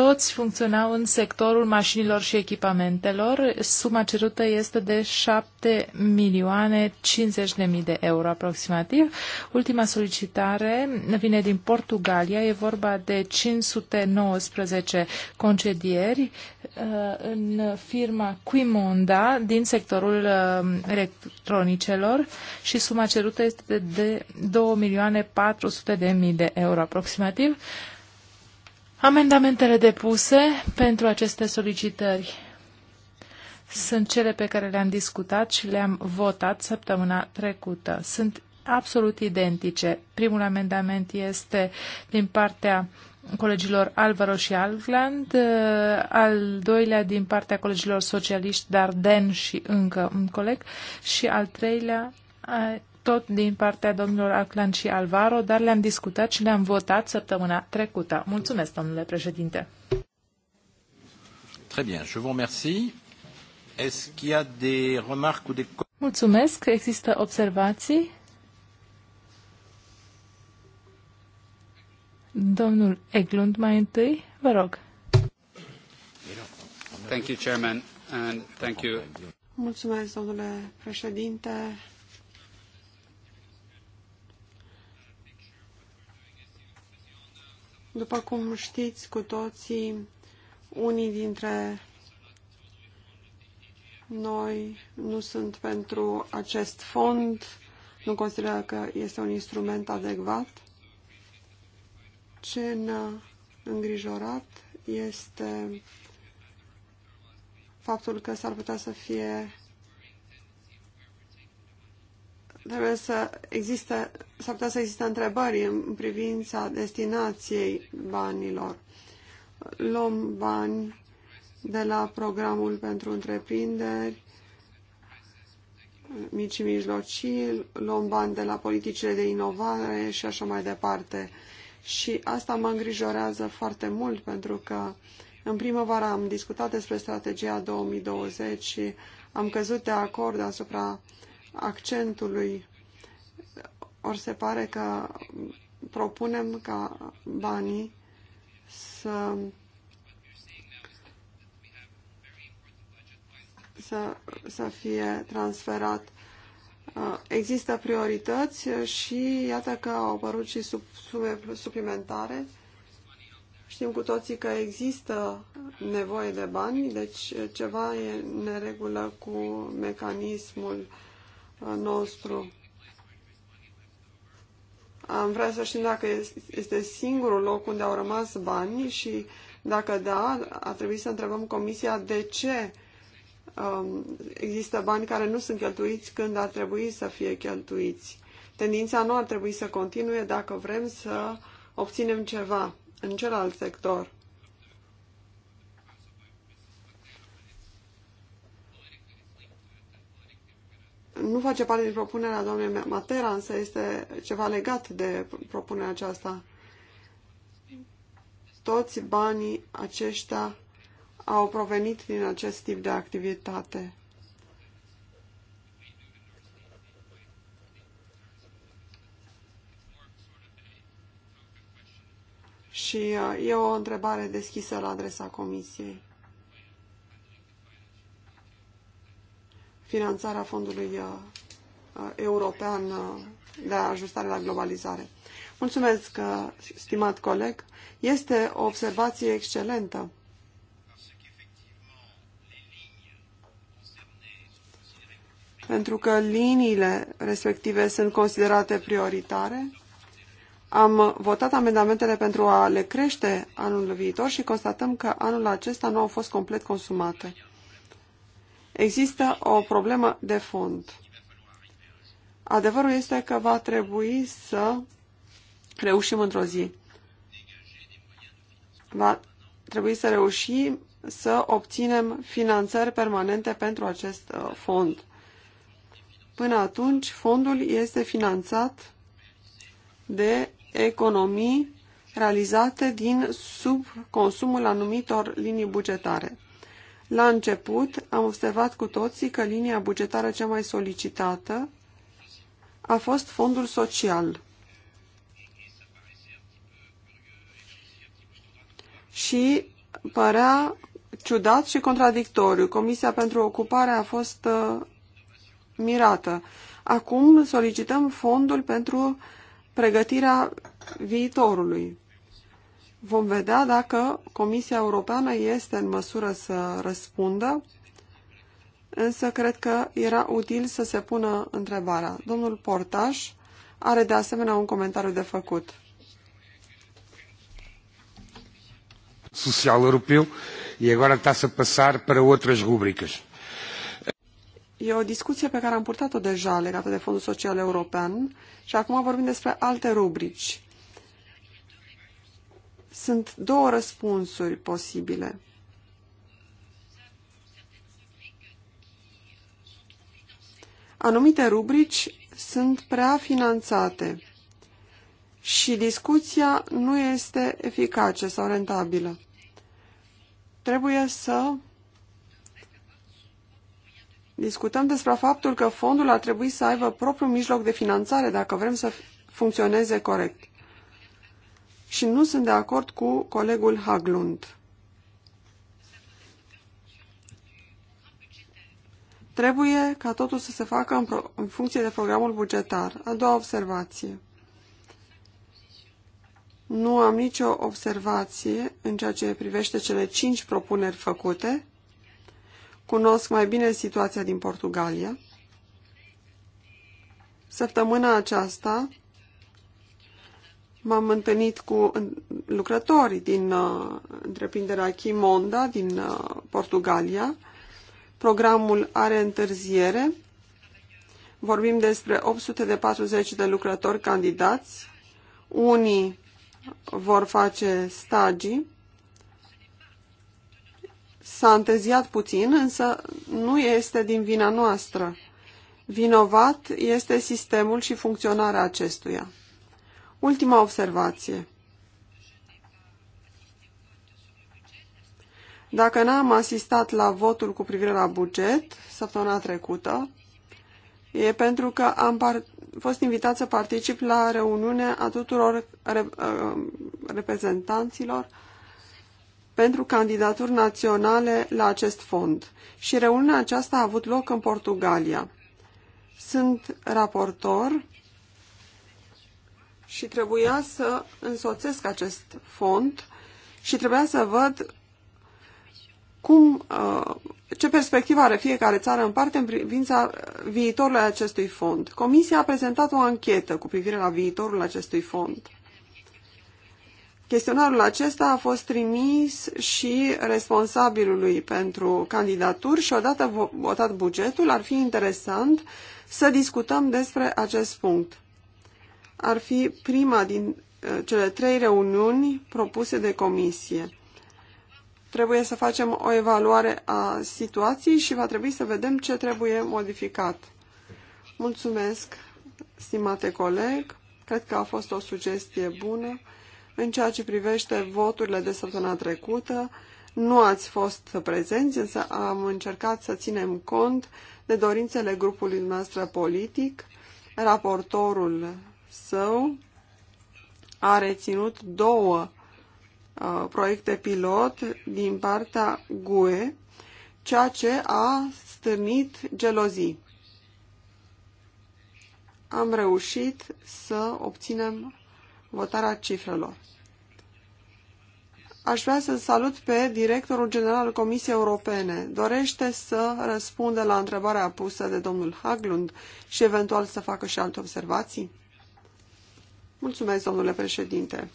toți funcționau în sectorul mașinilor și echipamentelor. Suma cerută este de 7 milioane 50 de mii de euro aproximativ. Ultima solicitare vine din Portugalia. E vorba de 519 concedieri uh, în firma Quimonda din sectorul uh, electronicelor și suma cerută este de 2 milioane 400 de mii de euro aproximativ. Amendamentele depuse pentru aceste solicitări sunt cele pe care le-am discutat și le-am votat săptămâna trecută. Sunt absolut identice. Primul amendament este din partea colegilor Alvaro și Algland, uh, al doilea din partea colegilor socialiști Darden și încă un coleg și al treilea uh, tot din partea domnilor Aclan și Alvaro, dar le-am discutat și le-am votat săptămâna trecută. Mulțumesc, domnule președinte. Très bien, je vous remercie. Est-ce qu'il y a des remarques ou des... Mulțumesc, există observații? Domnul Eglund mai întâi, vă rog. Thank you, Chairman, and thank you. Mulțumesc, domnule președinte, După cum știți cu toții, unii dintre noi nu sunt pentru acest fond, nu consideră că este un instrument adecvat. Ce ne-a îngrijorat este faptul că s-ar putea să fie trebuie să existe, s-ar putea să existe întrebări în privința destinației banilor. Luăm bani de la programul pentru întreprinderi, mici și mijlocii, luăm bani de la politicile de inovare și așa mai departe. Și asta mă îngrijorează foarte mult pentru că în primăvară am discutat despre strategia 2020 și am căzut de acord asupra uh, accentului. Ori se pare că propunem ca banii să, să, să fie transferat. Uh, există priorități și iată că au apărut și sub, sume suplimentare. Știm cu toții că există nevoie de bani, deci ceva e neregulă cu mecanismul uh, nostru. Am vrea să știm dacă este singurul loc unde au rămas banii și dacă da, a trebuit să întrebăm Comisia de ce um, există bani care nu sunt cheltuiți când ar trebui să fie cheltuiți. Tendința nu ar trebui să continue dacă vrem să obținem ceva în celălalt sector. nu face parte din propunerea doamnei Matera, însă este ceva legat de propunerea aceasta. Toți banii aceștia au provenit din acest tip de activitate. Și uh, e o întrebare deschisă la adresa Comisiei. finanțarea Fondului uh, uh, European uh, de Ajustare la Globalizare. Mulțumesc, stimat coleg. Este o observație excelentă. Pentru că liniile respective sunt considerate prioritare, am votat amendamentele pentru a le crește anul viitor și constatăm că anul acesta nu au fost complet consumate. Există o problemă de fond. Adevărul este că va trebui să reușim într-o zi. Va trebui să reușim să obținem finanțări permanente pentru acest uh, fond. Până atunci, fondul este finanțat de economii realizate din subconsumul anumitor linii bugetare. La început am observat cu toții că linia bugetară cea mai solicitată a fost fondul social. Și părea ciudat și contradictoriu. Comisia pentru ocupare a fost uh, mirată. Acum solicităm fondul pentru pregătirea viitorului. Vom vedea dacă Comisia Europeană este în măsură să răspundă, însă cred că era util să se pună întrebarea. Domnul Portaș are de asemenea un comentariu de făcut. Social Europeu e agora está să passar para outras rubricas. E o discuție pe care am purtat-o deja legată de Fondul Social European și acum vorbim despre alte rubrici. Sunt două răspunsuri posibile. Anumite rubrici sunt prea finanțate și discuția nu este eficace sau rentabilă. Trebuie să discutăm despre faptul că fondul ar trebui să aibă propriul mijloc de finanțare dacă vrem să funcționeze corect și nu sunt de acord cu colegul Haglund. Trebuie ca totul să se facă în, pro- în funcție de programul bugetar. A doua observație. Nu am nicio observație în ceea ce privește cele cinci propuneri făcute. Cunosc mai bine situația din Portugalia. Săptămâna aceasta M-am întâlnit cu lucrătorii din uh, întreprinderea Chimonda din uh, Portugalia. Programul are întârziere. Vorbim despre 840 de lucrători candidați. Unii vor face stagii. S-a întârziat puțin, însă nu este din vina noastră. Vinovat este sistemul și funcționarea acestuia. Ultima observație. Dacă n-am asistat la votul cu privire la buget săptămâna trecută, e pentru că am fost invitat să particip la reuniunea a tuturor re uh, reprezentanților pentru candidaturi naționale la acest fond. Și reuniunea aceasta a avut loc în Portugalia. Sunt raportor și trebuia să însoțesc acest fond și trebuia să văd cum, uh, ce perspectivă are fiecare țară în parte în privința viitorului acestui fond. Comisia a prezentat o anchetă cu privire la viitorul acestui fond. Chestionarul acesta a fost trimis și responsabilului pentru candidaturi și odată votat bugetul ar fi interesant să discutăm despre acest punct ar fi prima din uh, cele trei reuniuni propuse de comisie. Trebuie să facem o evaluare a situației și va trebui să vedem ce trebuie modificat. Mulțumesc, stimate coleg. Cred că a fost o sugestie bună. În ceea ce privește voturile de săptămâna trecută, nu ați fost prezenți, însă am încercat să ținem cont de dorințele grupului noastră politic. Raportorul său a reținut două uh, proiecte pilot din partea GUE, ceea ce a stârnit gelozii. Am reușit să obținem votarea cifrelor. Aș vrea să salut pe directorul general al Comisiei Europene. Dorește să răspundă la întrebarea pusă de domnul Haglund și eventual să facă și alte observații? Mulțumesc, domnule președinte.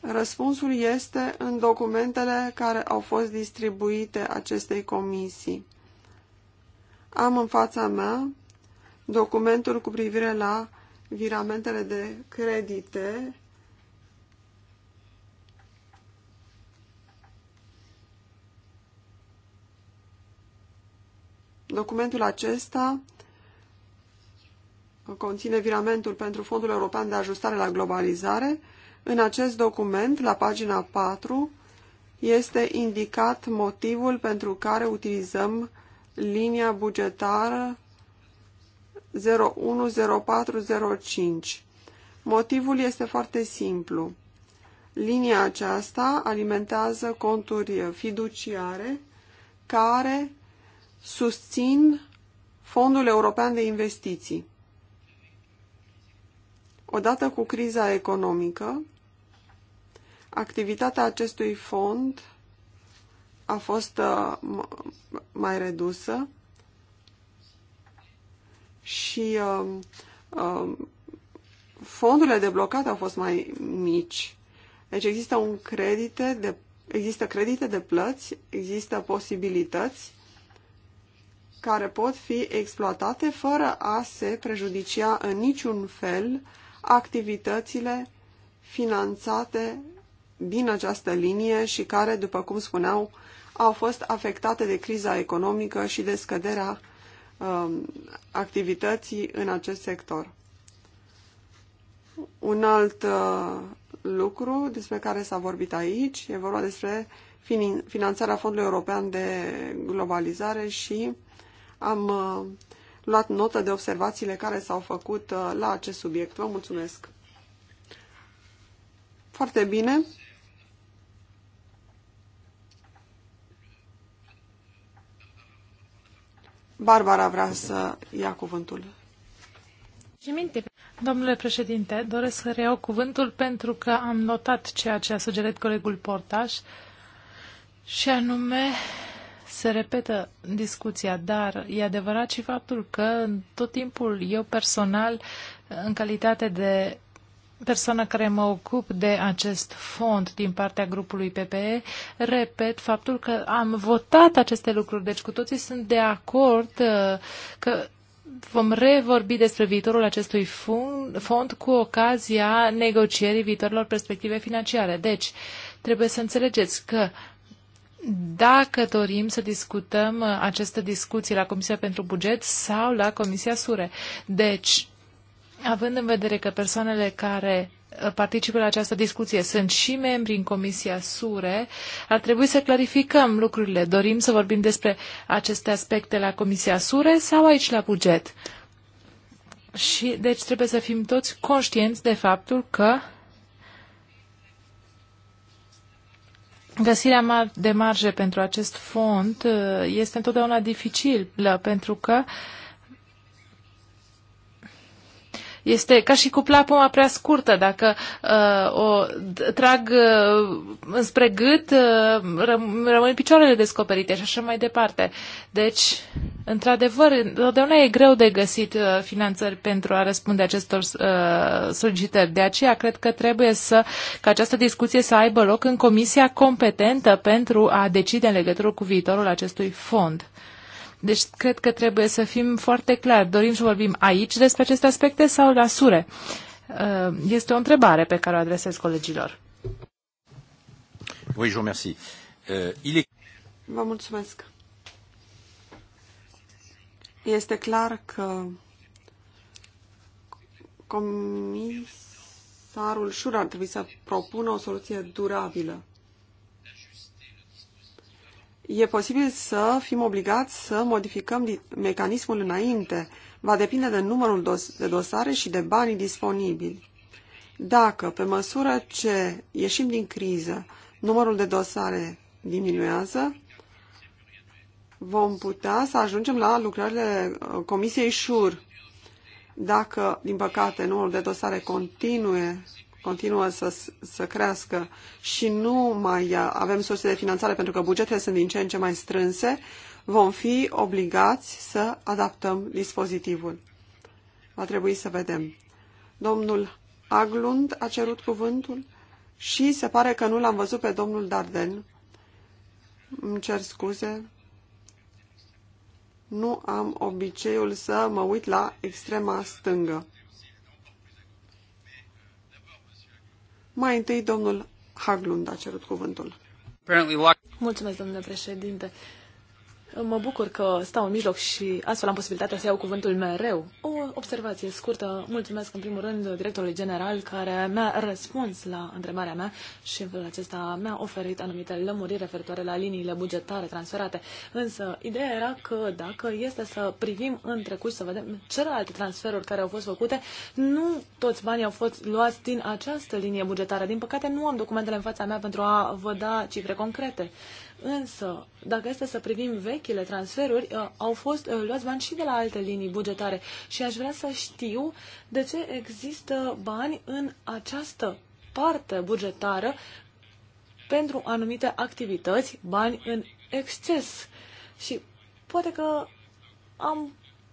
Răspunsul este în documentele care au fost distribuite acestei comisii. Am în fața mea documentul cu privire la viramentele de credite Documentul acesta conține viramentul pentru Fondul European de Ajustare la Globalizare, în acest document, la pagina 4, este indicat motivul pentru care utilizăm linia bugetară 010405. Motivul este foarte simplu. Linia aceasta alimentează conturi fiduciare care susțin Fondul European de Investiții. Odată cu criza economică, activitatea acestui fond a fost uh, mai redusă și uh, uh, fondurile deblocate au fost mai mici. Deci există un credite de, există credite de plăți, există posibilități care pot fi exploatate fără a se prejudicia în niciun fel activitățile finanțate din această linie și care, după cum spuneau, au fost afectate de criza economică și de scăderea um, activității în acest sector. Un alt uh, lucru despre care s-a vorbit aici e vorba despre finanțarea Fondului European de Globalizare și am uh, luat notă de observațiile care s-au făcut uh, la acest subiect. Vă mulțumesc! Foarte bine! Barbara vrea să ia cuvântul. Domnule președinte, doresc să reiau cuvântul pentru că am notat ceea ce a sugerat colegul Portaș și anume se repetă discuția, dar e adevărat și faptul că tot timpul eu personal, în calitate de persoană care mă ocup de acest fond din partea grupului PPE, repet faptul că am votat aceste lucruri, deci cu toții sunt de acord uh, că vom revorbi despre viitorul acestui fond cu ocazia negocierii viitorilor perspective financiare. Deci, trebuie să înțelegeți că dacă dorim să discutăm uh, aceste discuții la Comisia pentru Buget sau la Comisia Sure. Deci, având în vedere că persoanele care uh, participă la această discuție sunt și membri în Comisia Sure, ar trebui să clarificăm lucrurile. Dorim să vorbim despre aceste aspecte la Comisia Sure sau aici la buget. Și deci trebuie să fim toți conștienți de faptul că Găsirea de marge pentru acest fond uh, este întotdeauna dificilă pentru că uh, este ca și cu plapuma prea scurtă. Dacă uh, o trag uh, înspre gât, uh, răm- rămân picioarele descoperite și așa mai departe. Deci, într-adevăr, întotdeauna e greu de găsit uh, finanțări pentru a răspunde acestor uh, solicitări. De aceea, cred că trebuie să, ca această discuție să aibă loc în comisia competentă pentru a decide în legătură cu viitorul acestui fond. Deci cred că trebuie să fim foarte clari. Dorim să vorbim aici despre aceste aspecte sau la sure? Uh, este o întrebare pe care o adresez colegilor. Oui, je vous remercie. Uh, est... Vă mulțumesc. Este clar că comisarul Șura ar trebui să propună o soluție durabilă e posibil să fim obligați să modificăm mecanismul înainte. Va depinde de numărul dos de dosare și de banii disponibili. Dacă, pe măsură ce ieșim din criză, numărul de dosare diminuează, vom putea să ajungem la lucrările uh, Comisiei Șur. Dacă, din păcate, numărul de dosare continue continuă să, să crească și nu mai uh, avem surse de finanțare pentru că bugetele sunt din ce în ce mai strânse, vom fi obligați să adaptăm dispozitivul. Va trebui să vedem. Domnul Aglund a cerut cuvântul și se pare că nu l-am văzut pe domnul Darden. Îmi cer scuze. Nu am obiceiul să mă uit la extrema stângă. Mai întâi, domnul Haglund a cerut cuvântul. Mulțumesc, domnule președinte. Mă bucur că stau în mijloc și astfel am posibilitatea să iau cuvântul mereu. O observație scurtă. Mulțumesc în primul rând directorului general care mi-a răspuns la întrebarea mea și în felul acesta mi-a oferit anumite lămuriri referitoare la liniile bugetare transferate. Însă ideea era că dacă este să privim în trecut să vedem celelalte transferuri care au fost făcute, nu toți banii au fost luați din această linie bugetară. Din păcate nu am documentele în fața mea pentru a vă da cifre concrete. Însă, dacă este să privim vechile transferuri, uh, au fost uh, luați bani și de la alte linii bugetare și aș vrea să știu de ce există bani în această parte bugetară pentru anumite activități, bani în exces. Și poate că am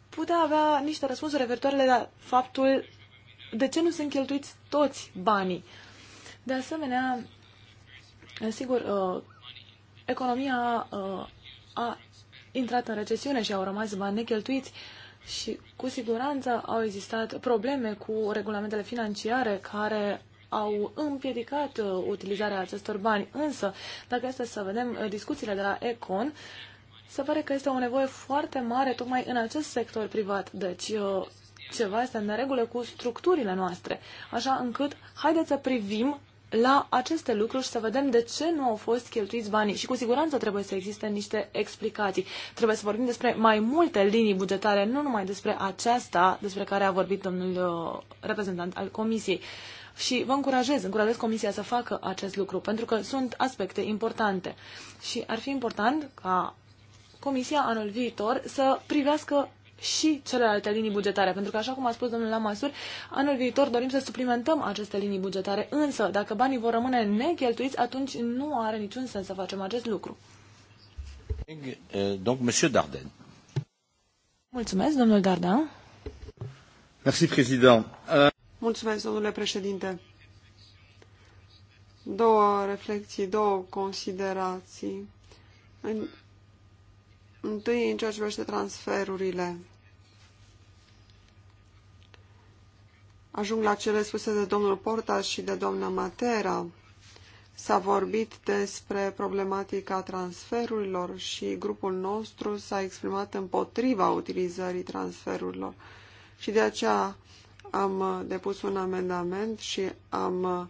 putea avea niște răspunsuri referitoare la faptul de ce nu sunt cheltuiți toți banii. De asemenea, sigur, uh, economia uh, a intrat în recesiune și au rămas bani necheltuiți și cu siguranță au existat probleme cu regulamentele financiare care au împiedicat uh, utilizarea acestor bani. Însă, dacă este să vedem uh, discuțiile de la Econ, se pare că este o nevoie foarte mare tocmai în acest sector privat. Deci, uh, ceva este în regulă cu structurile noastre, așa încât haideți să privim la aceste lucruri și să vedem de ce nu au fost cheltuiți banii. Și cu siguranță trebuie să existe niște explicații. Trebuie să vorbim despre mai multe linii bugetare, nu numai despre aceasta despre care a vorbit domnul uh, reprezentant al Comisiei. Și vă încurajez, încurajez Comisia să facă acest lucru, pentru că sunt aspecte importante. Și ar fi important ca Comisia anul viitor să privească și celelalte linii bugetare, pentru că, așa cum a spus domnul Lamasur, anul viitor dorim să suplimentăm aceste linii bugetare, însă dacă banii vor rămâne necheltuiți, atunci nu are niciun sens să facem acest lucru. Eh, donc, monsieur Darden. Mulțumesc, domnul Dardan. Merci, président. Euh, Mulțumesc, domnule președinte. Două reflexii, două considerații. Întâi, în ceea ce privește transferurile, ajung la cele spuse de domnul Porta și de doamna Matera. S-a vorbit despre problematica transferurilor și grupul nostru s-a exprimat împotriva utilizării transferurilor. Și de aceea am depus un amendament și am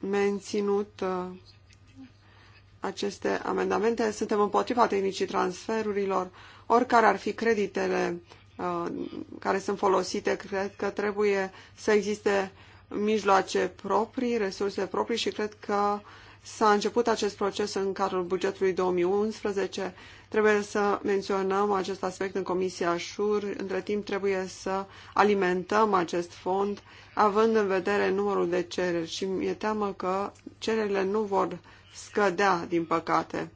menținut uh, aceste amendamente. Suntem împotriva tehnicii transferurilor. Oricare ar fi creditele uh, care sunt folosite, cred că trebuie să existe mijloace proprii, resurse proprii și cred că s-a început acest proces în cadrul bugetului 2011. Trebuie să menționăm acest aspect în Comisia Șur. Între timp trebuie să alimentăm acest fond, având în vedere numărul de cereri și mi-e teamă că cererile nu vor scădea, din păcate.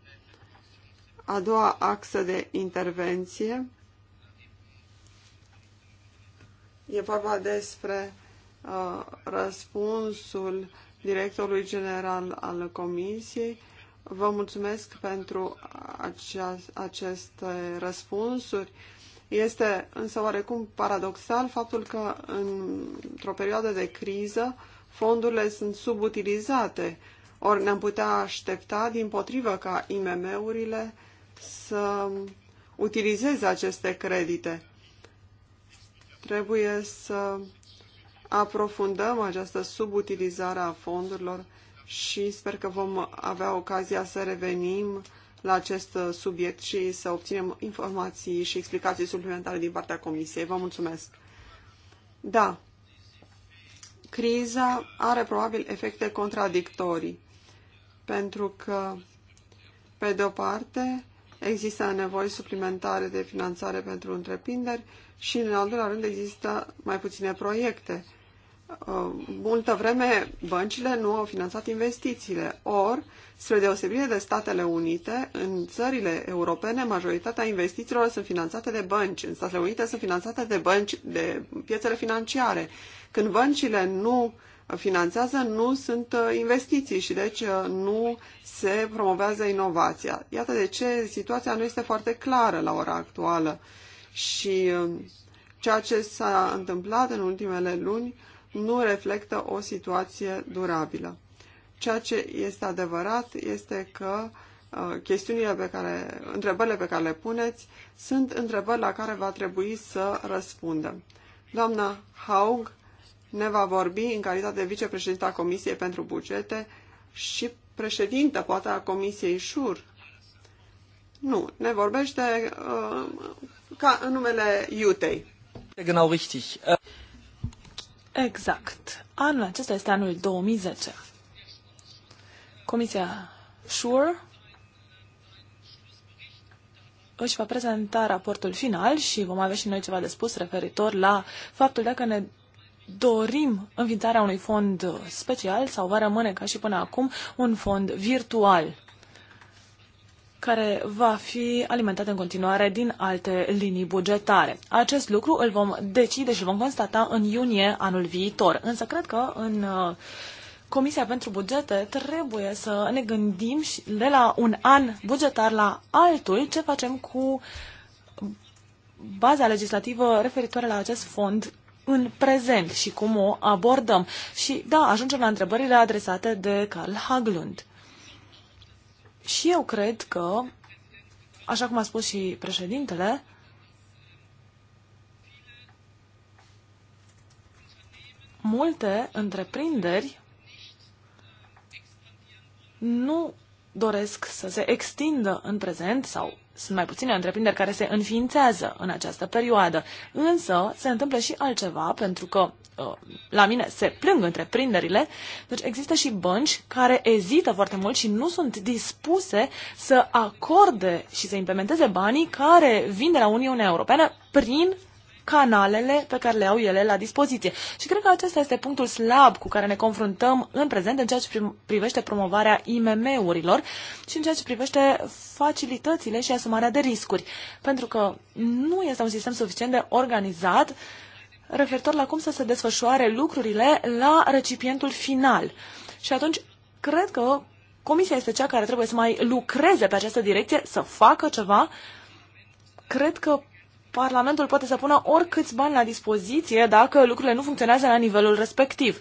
A doua axă de intervenție e vorba despre uh, răspunsul directorului general al Comisiei. Vă mulțumesc pentru acea, aceste răspunsuri. Este însă oarecum paradoxal faptul că într-o perioadă de criză fondurile sunt subutilizate ori ne-am putea aștepta, din potrivă, ca IMM-urile să utilizeze aceste credite. Trebuie să aprofundăm această subutilizare a fondurilor și sper că vom avea ocazia să revenim la acest subiect și să obținem informații și explicații suplimentare din partea Comisiei. Vă mulțumesc! Da, criza are probabil efecte contradictorii pentru că, pe de o parte, există nevoi suplimentare de finanțare pentru întreprinderi și, în al doilea rând, există mai puține proiecte. Uh, multă vreme, băncile nu au finanțat investițiile. Or, spre deosebire de Statele Unite, în țările europene, majoritatea investițiilor sunt finanțate de bănci. În Statele Unite sunt finanțate de bănci, de piețele financiare. Când băncile nu uh, finanțează nu sunt uh, investiții și deci uh, nu se promovează inovația. Iată de ce situația nu este foarte clară la ora actuală și uh, ceea ce s-a întâmplat în ultimele luni nu reflectă o situație durabilă. Ceea ce este adevărat este că chestiunile pe care, întrebările pe care le puneți sunt întrebări la care va trebui să răspundem. Doamna Haug ne va vorbi în calitate de vicepreședinte a Comisiei pentru Bugete și președintă, poate, a Comisiei Șur. Nu, ne vorbește uh, ca în numele Iutei. Genau richtig. Exact. Anul acesta este anul 2010. Comisia Șur își va prezenta raportul final și vom avea și noi ceva de spus referitor la faptul dacă ne dorim înființarea unui fond special sau va rămâne ca și până acum un fond virtual care va fi alimentat în continuare din alte linii bugetare. Acest lucru îl vom decide și îl vom constata în iunie anul viitor, însă cred că în uh, Comisia pentru bugete trebuie să ne gândim și de la un an bugetar la altul ce facem cu baza legislativă referitoare la acest fond în prezent și cum o abordăm. Și da, ajungem la întrebările adresate de Carl Haglund. Și eu cred că, așa cum a spus și președintele, multe întreprinderi nu doresc să se extindă în prezent sau sunt mai puține întreprinderi care se înființează în această perioadă. Însă se întâmplă și altceva, pentru că uh, la mine se plâng întreprinderile, deci există și bănci care ezită foarte mult și nu sunt dispuse să acorde și să implementeze banii care vin de la Uniunea Europeană prin canalele pe care le au ele la dispoziție. Și cred că acesta este punctul slab cu care ne confruntăm în prezent în ceea ce privește promovarea IMM-urilor și în ceea ce privește facilitățile și asumarea de riscuri. Pentru că nu este un sistem suficient de organizat referitor la cum să se desfășoare lucrurile la recipientul final. Și atunci, cred că Comisia este cea care trebuie să mai lucreze pe această direcție, să facă ceva. Cred că Parlamentul poate să pună oricâți bani la dispoziție dacă lucrurile nu funcționează la nivelul respectiv.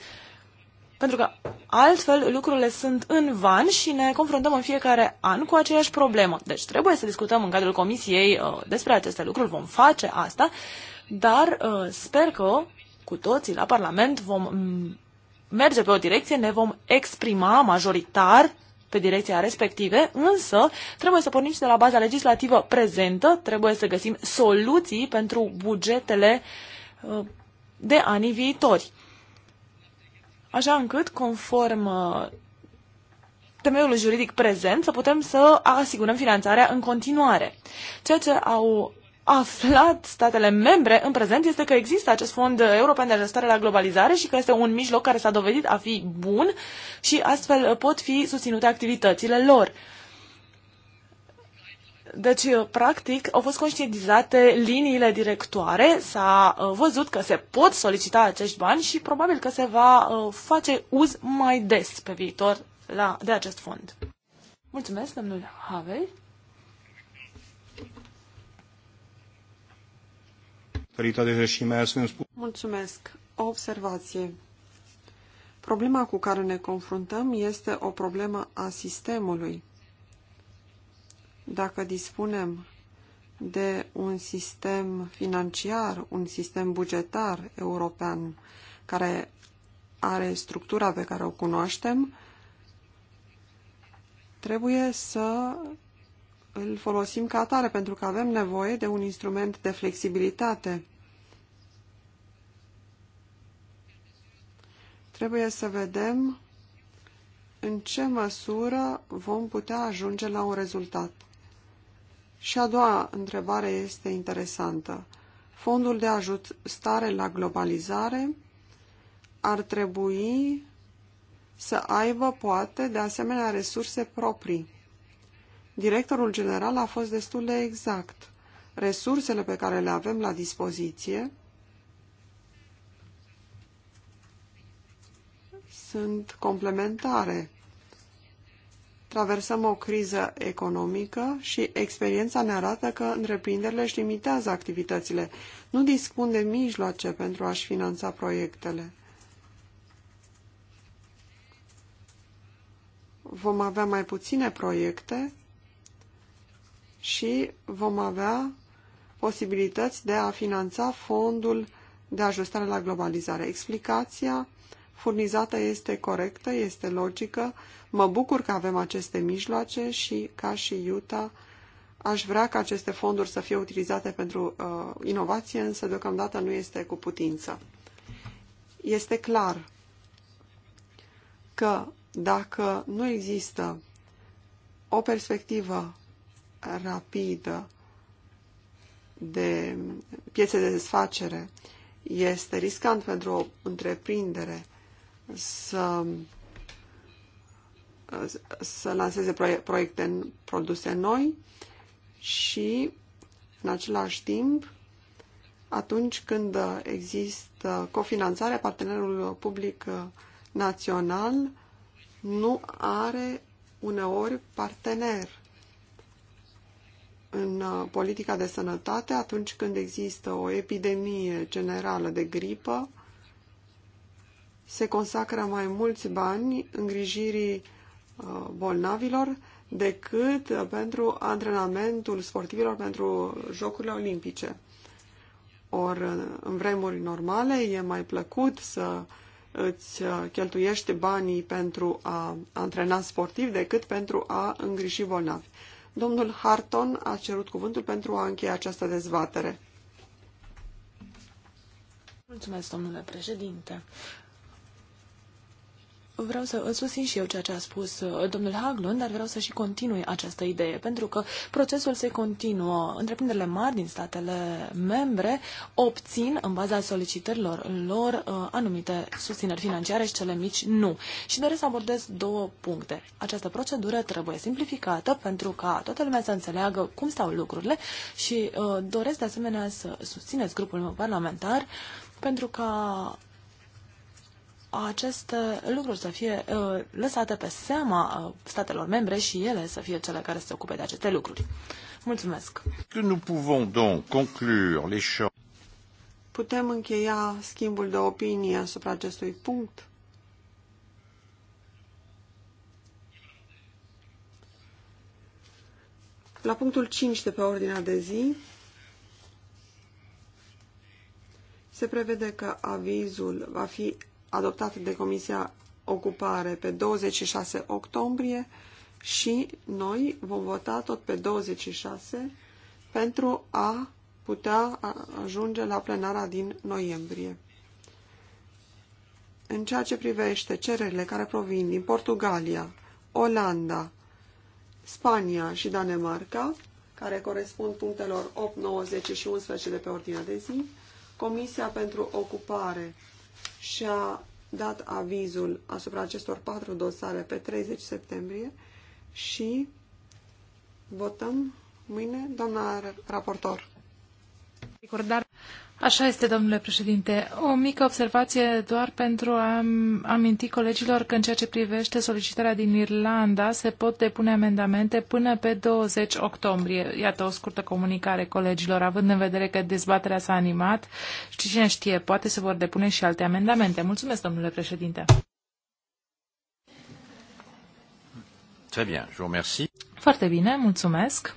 Pentru că altfel lucrurile sunt în van și ne confruntăm în fiecare an cu aceeași problemă. Deci trebuie să discutăm în cadrul comisiei uh, despre aceste lucruri, vom face asta, dar uh, sper că cu toții la Parlament vom merge pe o direcție, ne vom exprima majoritar pe direcția respective, însă trebuie să pornim și de la baza legislativă prezentă, trebuie să găsim soluții pentru bugetele uh, de anii viitori. Așa încât, conform uh, temeiul juridic prezent, să putem să asigurăm finanțarea în continuare. Ceea ce au aflat statele membre în prezent este că există acest fond european de ajustare la globalizare și că este un mijloc care s-a dovedit a fi bun și astfel pot fi susținute activitățile lor. Deci, practic, au fost conștientizate liniile directoare, s-a uh, văzut că se pot solicita acești bani și probabil că se va uh, face uz mai des pe viitor la, de acest fond. Mulțumesc, domnul Havel. calitate de regime Mulțumesc. O observație. Problema cu care ne confruntăm este o problemă a sistemului. Dacă dispunem de un sistem financiar, un sistem bugetar european care are structura pe care o cunoaștem, trebuie să îl folosim ca atare, pentru că avem nevoie de un instrument de flexibilitate. Trebuie să vedem în ce măsură vom putea ajunge la un rezultat. Și a doua întrebare este interesantă. Fondul de ajut stare la globalizare ar trebui să aibă, poate, de asemenea resurse proprii directorul general a fost destul de exact. Resursele pe care le avem la dispoziție sunt complementare. Traversăm o criză economică și experiența ne arată că întreprinderile își limitează activitățile, nu dispun de mijloace pentru a-și finanța proiectele. Vom avea mai puține proiecte și vom avea posibilități de a finanța fondul de ajustare la globalizare. Explicația furnizată este corectă, este logică. Mă bucur că avem aceste mijloace și, ca și Iuta, aș vrea ca aceste fonduri să fie utilizate pentru uh, inovație, însă deocamdată nu este cu putință. Este clar că dacă nu există o perspectivă rapidă de piețe de desfacere este riscant pentru o întreprindere să, să lanseze proiecte produse noi și, în același timp, atunci când există cofinanțare, partenerul public național nu are uneori partener în uh, politica de sănătate atunci când există o epidemie generală de gripă, se consacră mai mulți bani îngrijirii uh, bolnavilor decât uh, pentru antrenamentul sportivilor pentru Jocurile Olimpice. Ori în vremuri normale e mai plăcut să îți cheltuiești banii pentru a antrena sportiv decât pentru a îngriji bolnavi. Domnul Harton a cerut cuvântul pentru a încheia această dezbatere. Mulțumesc, domnule președinte vreau să susțin și eu ceea ce a spus uh, domnul Haglund, dar vreau să și continui această idee, pentru că procesul se continuă. Întreprinderile mari din statele membre obțin, în baza solicitărilor lor, uh, anumite susțineri financiare și cele mici nu. Și doresc să abordez două puncte. Această procedură trebuie simplificată pentru ca toată lumea să înțeleagă cum stau lucrurile și uh, doresc de asemenea să susțineți grupul meu parlamentar pentru ca acest lucru să fie lăsată uh, lăsate pe seama uh, statelor membre și ele să fie cele care se ocupe de aceste lucruri. Mulțumesc! Que nous pouvons donc conclure les Putem încheia schimbul de opinie asupra acestui punct? La punctul 5 de pe ordinea de zi se prevede că avizul va fi adoptat de Comisia Ocupare pe 26 octombrie și noi vom vota tot pe 26 pentru a putea ajunge la plenara din noiembrie. În ceea ce privește cererile care provin din Portugalia, Olanda, Spania și Danemarca, care corespund punctelor 8, 9, 10 și 11 de pe ordinea de zi, Comisia pentru Ocupare și-a dat avizul asupra acestor patru dosare pe 30 septembrie și votăm mâine, doamna raportor. Recordar. Așa este, domnule președinte. O mică observație doar pentru a aminti colegilor că în ceea ce privește solicitarea din Irlanda se pot depune amendamente până pe 20 octombrie. Iată o scurtă comunicare colegilor, având în vedere că dezbaterea s-a animat și cine știe, poate se vor depune și alte amendamente. Mulțumesc, domnule președinte. Très bien, je vous remercie. Foarte bine, mulțumesc.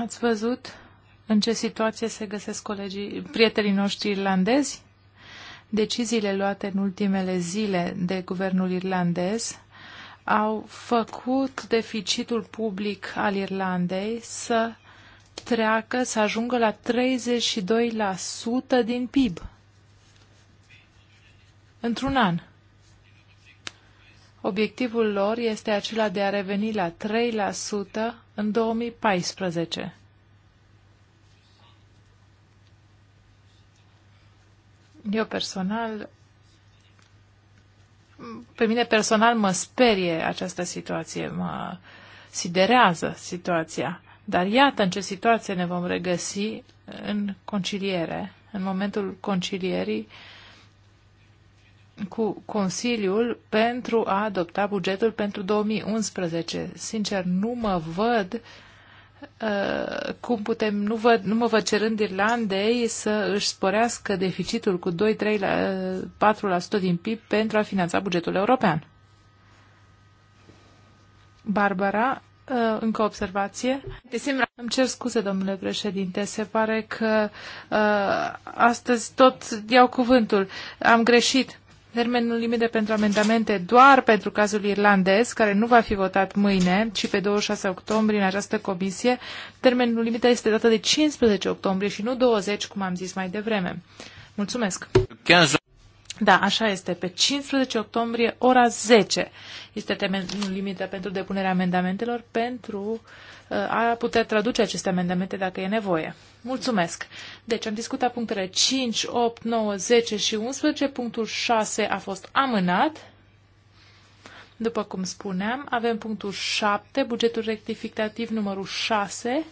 Ați văzut în ce situație se găsesc colegii, prietenii noștri irlandezi? Deciziile luate în ultimele zile de guvernul irlandez au făcut deficitul public al Irlandei să treacă, să ajungă la 32% din PIB. Într-un an. Obiectivul lor este acela de a reveni la 3% în 2014. Eu personal, pe mine personal mă sperie această situație, mă siderează situația. Dar iată în ce situație ne vom regăsi în conciliere, în momentul concilierii uh, cu Consiliul pentru a adopta bugetul pentru 2011. Sincer, nu mă văd uh, cum putem, nu, văd, nu mă văd cerând Irlandei să își sporească deficitul cu 2-3-4% uh, din PIB pentru a finanța bugetul european. Barbara, uh, încă o observație. Îmi cer scuze, domnule președinte, se pare că uh, astăzi tot iau cuvântul. Am greșit termenul limite pentru amendamente doar pentru cazul irlandez, care nu va fi votat mâine, ci pe 26 octombrie în această comisie. Termenul limite este dată de 15 octombrie și nu 20, cum am zis mai devreme. Mulțumesc! 15... Da, așa este. Pe 15 octombrie, ora 10, este termenul limită pentru depunerea amendamentelor, pentru uh, a putea traduce aceste amendamente dacă e nevoie. Mulțumesc! Deci am discutat punctele 5, 8, 9, 10 și 11. Punctul 6 a fost amânat. După cum spuneam, avem punctul 7, bugetul rectificativ numărul 6.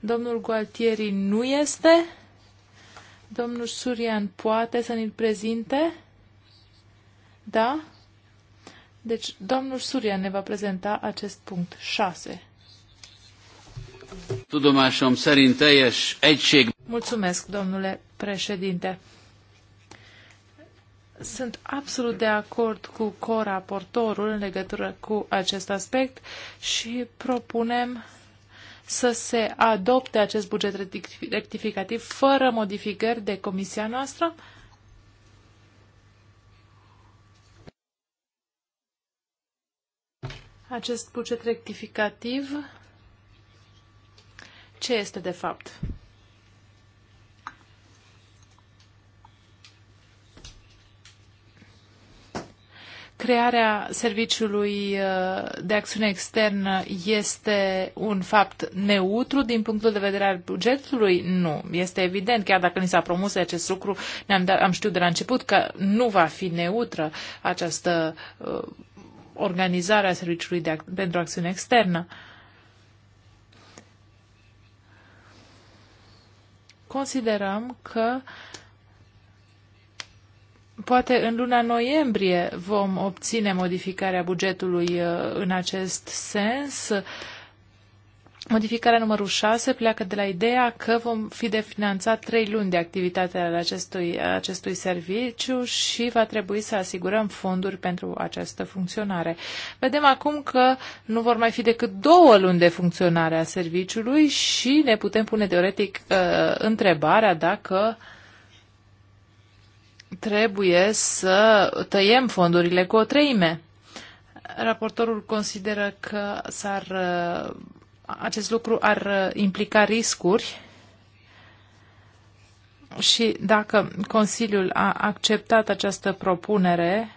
Domnul Gualtieri nu este. Domnul Surian poate să ne-l prezinte? Da? Deci, domnul Surian ne va prezenta acest punct 6. Tudomásom szerint teljes egység... Mulțumesc, domnule președinte. Sunt absolut de acord cu coraportorul în legătură cu acest aspect și propunem să se adopte acest buget rectificativ fără modificări de comisia noastră? Acest buget rectificativ, ce este de fapt? crearea serviciului uh, de acțiune externă este un fapt neutru din punctul de vedere al bugetului? Nu. Este evident, chiar dacă ni s-a promus acest lucru, ne-am dat, am știut de la început că nu va fi neutră această uh, organizare a serviciului de ac- pentru acțiune externă. Considerăm că uh, Poate în luna noiembrie vom obține modificarea bugetului uh, în acest sens. Modificarea numărul 6 pleacă de la ideea că vom fi finanțat trei luni de activitate al acestui, acestui serviciu și va trebui să asigurăm fonduri pentru această funcționare. Vedem acum că nu vor mai fi decât două luni de funcționare a serviciului și ne putem pune teoretic uh, întrebarea dacă uh, trebuie să tăiem fondurile cu o treime. Raportorul consideră că s-ar, acest lucru ar implica riscuri și dacă Consiliul a acceptat această propunere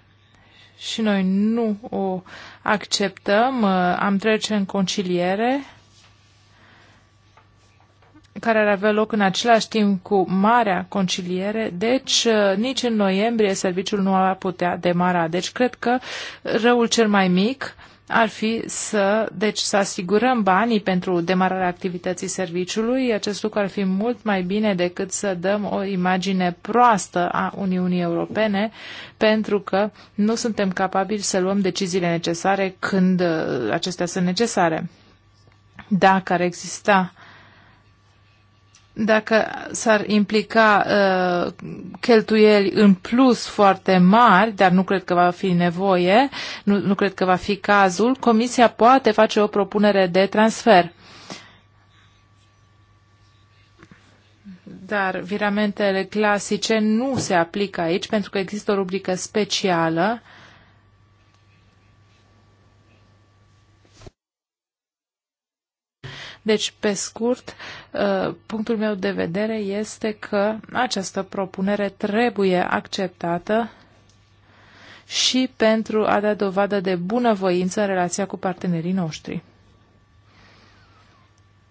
și noi nu o acceptăm, am trece în conciliere care ar avea loc în același timp cu marea conciliere, deci uh, nici în noiembrie serviciul nu a putea demara. Deci cred că răul cel mai mic ar fi să, deci, să asigurăm banii pentru demararea activității serviciului. Acest lucru ar fi mult mai bine decât să dăm o imagine proastă a Uniunii Europene, pentru că nu suntem capabili să luăm deciziile necesare când uh, acestea sunt necesare. Dacă ar exista dacă s-ar implica uh, cheltuieli în plus foarte mari, dar nu cred că va fi nevoie, nu, nu cred că va fi cazul, Comisia poate face o propunere de transfer. Dar viramentele clasice nu se aplică aici pentru că există o rubrică specială uh, Deci, pe scurt, uh, punctul meu de vedere este că această propunere trebuie acceptată și pentru a da dovadă de bunăvoință în relația cu partenerii noștri.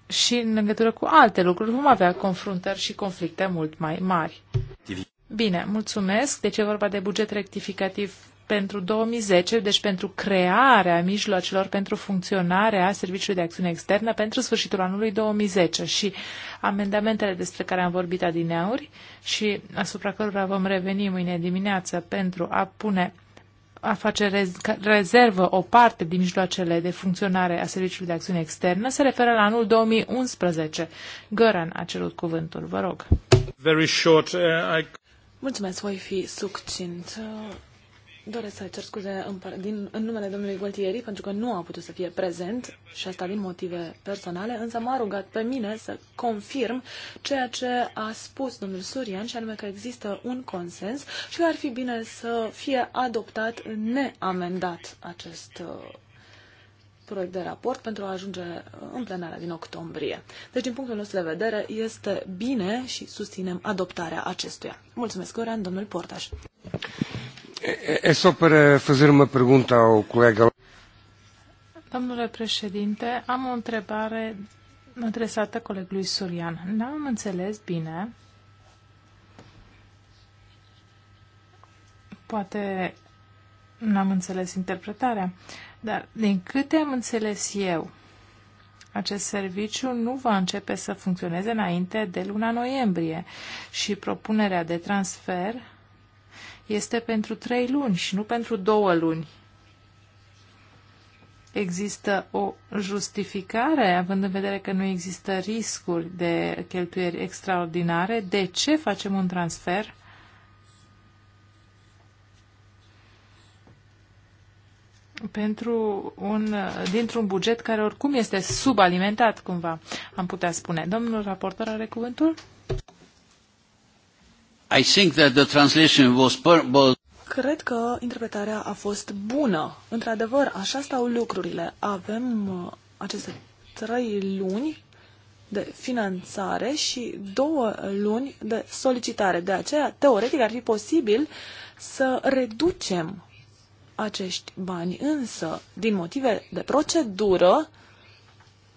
Și în legătură cu alte lucruri vom avea confruntări și conflicte mult mai mari. Bine, mulțumesc. Deci e vorba de buget rectificativ pentru 2010, deci pentru crearea mijloacelor pentru funcționarea Serviciului de Acțiune Externă pentru sfârșitul anului 2010 și amendamentele despre care am vorbit adineauri și asupra cărora vom reveni mâine dimineață pentru a pune a face rezervă o parte din mijloacele de funcționare a Serviciului de Acțiune Externă se referă la anul 2011. Găran a cerut cuvântul, vă rog. Very short, uh, I... Mulțumesc, voi fi succint. Doresc să cer scuze în, din, în numele domnului Gualtieri pentru că nu a putut să fie prezent și asta din motive personale, însă m-a rugat pe mine să confirm ceea ce a spus domnul Surian și anume că există un consens și că ar fi bine să fie adoptat neamendat acest uh, proiect de raport pentru a ajunge uh, în plenarea din octombrie. Deci, din punctul nostru de vedere, este bine și susținem adoptarea acestuia. Mulțumesc, Oran, domnul Portaș. É só para fazer uma pergunta ao colega. Domnule președinte, am o întrebare adresată colegului Surian. N-am înțeles bine. Poate n-am înțeles interpretarea, dar din câte am înțeles eu, acest serviciu nu va începe să funcționeze înainte de luna noiembrie și propunerea de transfer este pentru trei luni și nu pentru două luni. Există o justificare, având în vedere că nu există riscuri de cheltuieri extraordinare? De ce facem un transfer? pentru un, dintr-un buget care oricum este subalimentat, cumva, am putea spune. Domnul raportor are cuvântul? I think that the translation was Cred că interpretarea a fost bună. Într-adevăr, așa stau lucrurile. Avem uh, aceste trei luni de finanțare și două luni de solicitare. De aceea, teoretic, ar fi posibil să reducem acești bani. Însă, din motive de procedură,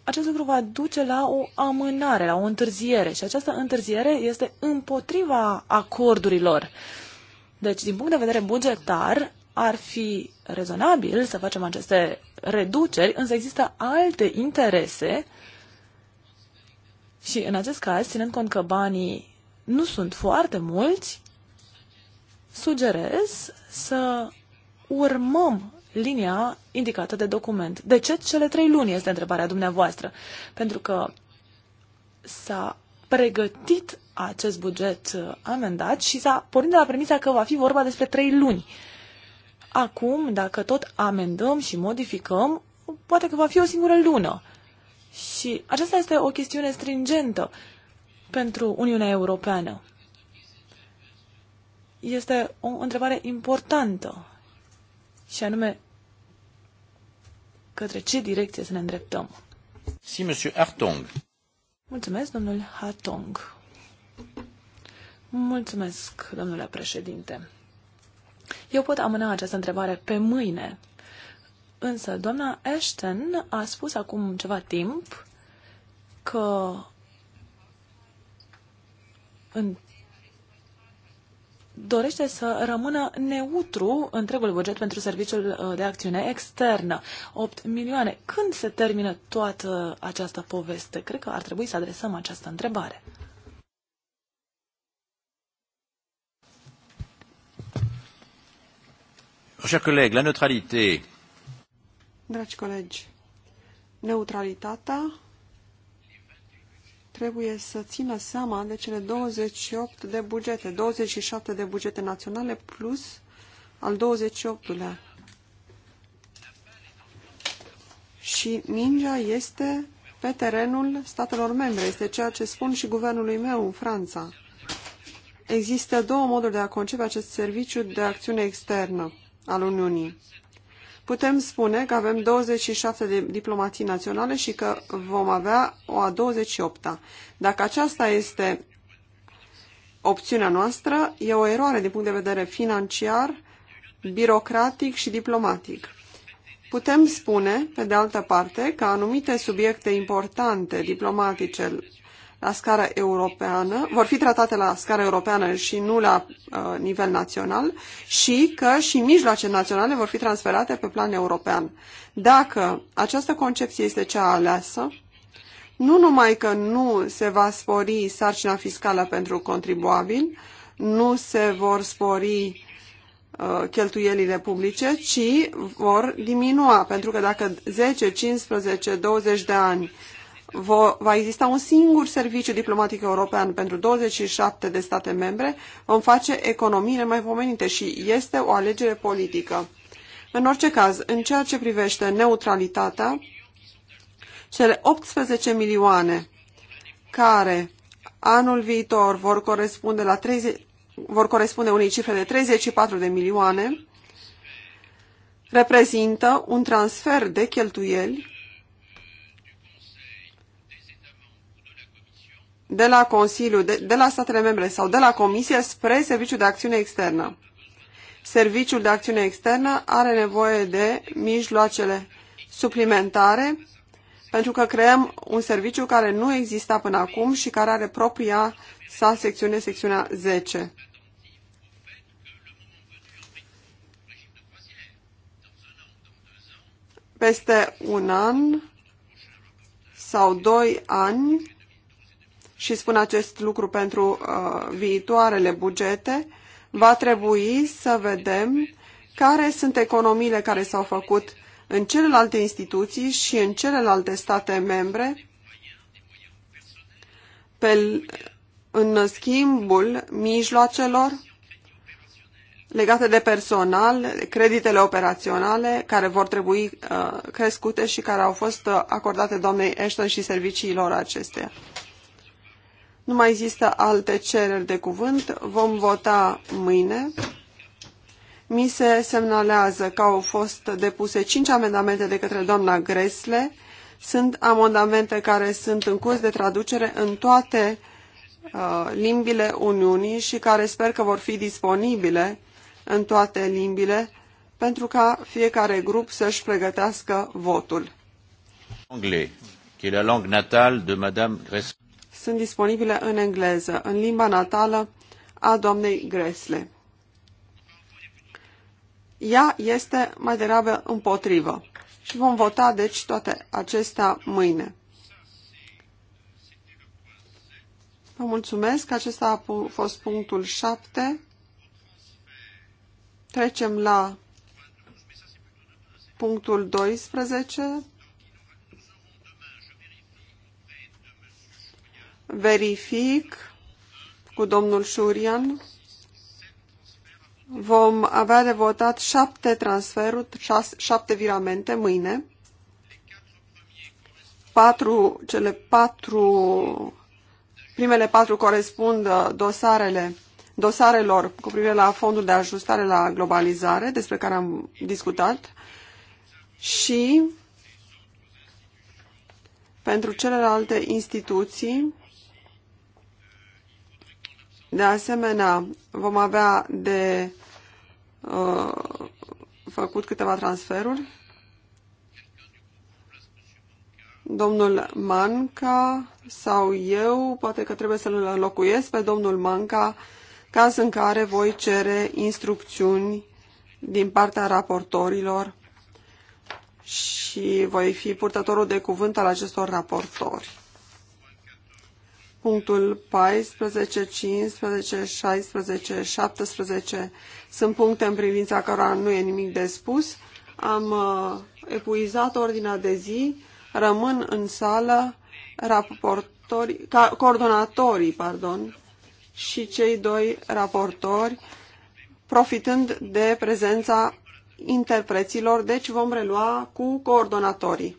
acest lucru va duce la o amânare, la o întârziere și această întârziere este împotriva acordurilor. Deci, din punct de vedere bugetar, ar fi rezonabil să facem aceste reduceri, însă există alte interese și în acest caz, ținând cont că banii nu sunt foarte mulți, sugerez să urmăm linia indicată de document. De ce cele trei luni este întrebarea dumneavoastră? Pentru că s-a pregătit acest buget uh, amendat și s-a pornit de la premisa că va fi vorba despre trei luni. Acum, dacă tot amendăm și modificăm, poate că va fi o singură lună. Și aceasta este o chestiune stringentă pentru Uniunea Europeană. Este o întrebare importantă și anume către ce direcție să ne îndreptăm. Si, monsieur Hartong. Mulțumesc, domnul Hartong. Mulțumesc, domnule președinte. Eu pot amâna această întrebare pe mâine, însă doamna Ashton a spus acum ceva timp că în dorește să rămână neutru întregul buget pentru serviciul uh, de acțiune externă. 8 milioane. Când se termină toată această poveste? Cred că ar trebui să adresăm această întrebare. Chers collègues, la neutralité. Dragi colegi, neutralitatea trebuie să țină seama de cele 28 de bugete, 27 de bugete naționale plus al 28-lea. Și mingea este pe terenul statelor membre. Este ceea ce spun și guvernului meu în Franța. Există două moduri de a concepe acest serviciu de acțiune externă al Uniunii putem spune că avem 27 de diplomații naționale și că vom avea o a 28-a. Dacă aceasta este opțiunea noastră, e o eroare din punct de vedere financiar, birocratic și diplomatic. Putem spune, pe de altă parte, că anumite subiecte importante diplomatice la scară europeană, vor fi tratate la scară europeană și nu la uh, nivel național și că și mijloace naționale vor fi transferate pe plan european. Dacă această concepție este cea aleasă, nu numai că nu se va spori sarcina fiscală pentru contribuabil, nu se vor spori uh, cheltuielile publice, ci vor diminua, pentru că dacă 10, 15, 20 de ani va exista un singur serviciu diplomatic european pentru 27 de state membre, vom face economii pomenite și este o alegere politică. În orice caz, în ceea ce privește neutralitatea, cele 18 milioane care anul viitor vor corespunde, la 30, vor corespunde unei cifre de 34 de milioane, reprezintă un transfer de cheltuieli de la Consiliu, de, de la statele membre sau de la Comisie spre Serviciul de Acțiune Externă. Serviciul de Acțiune Externă are nevoie de mijloacele suplimentare pentru că creăm un serviciu care nu exista până acum și care are propria sa secțiune, secțiunea 10. Peste un an sau doi ani, și spun acest lucru pentru uh, viitoarele bugete, va trebui să vedem care sunt economiile care s-au făcut în celelalte instituții și în celelalte state membre pe, în schimbul mijloacelor legate de personal, creditele operaționale care vor trebui uh, crescute și care au fost uh, acordate doamnei Ashton și serviciilor acesteia. Nu mai există alte cereri de cuvânt. Vom vota mâine. Mi se semnalează că au fost depuse cinci amendamente de către doamna Gresle. Sunt amendamente care sunt în curs de traducere în toate uh, limbile Uniunii și care sper că vor fi disponibile în toate limbile pentru ca fiecare grup să-și pregătească votul. Anglais, qui est la langue natale de Madame Gresle sunt disponibile în engleză, în limba natală a doamnei Gresle. Ea este mai degrabă împotrivă și vom vota deci toate acestea mâine. Vă mulțumesc, acesta a fost punctul 7. Trecem la punctul 12, verific cu domnul Șurian. Vom avea de votat șapte transferuri, șapte viramente mâine. Patru, cele patru, primele patru corespund dosarele, dosarelor cu privire la fondul de ajustare la globalizare, despre care am discutat, și pentru celelalte instituții, de asemenea, vom avea de uh, făcut câteva transferuri. Domnul Manca sau eu, poate că trebuie să-l înlocuiesc pe domnul Manca, caz în care voi cere instrucțiuni din partea raportorilor și voi fi purtătorul de cuvânt al acestor raportori punctul 14, 15, 16, 17 sunt puncte în privința cărora nu e nimic de spus. Am uh, epuizat ordinea de zi, rămân în sală raportori, ca, coordonatorii pardon, și cei doi raportori, profitând de prezența interpreților, deci vom relua cu coordonatorii.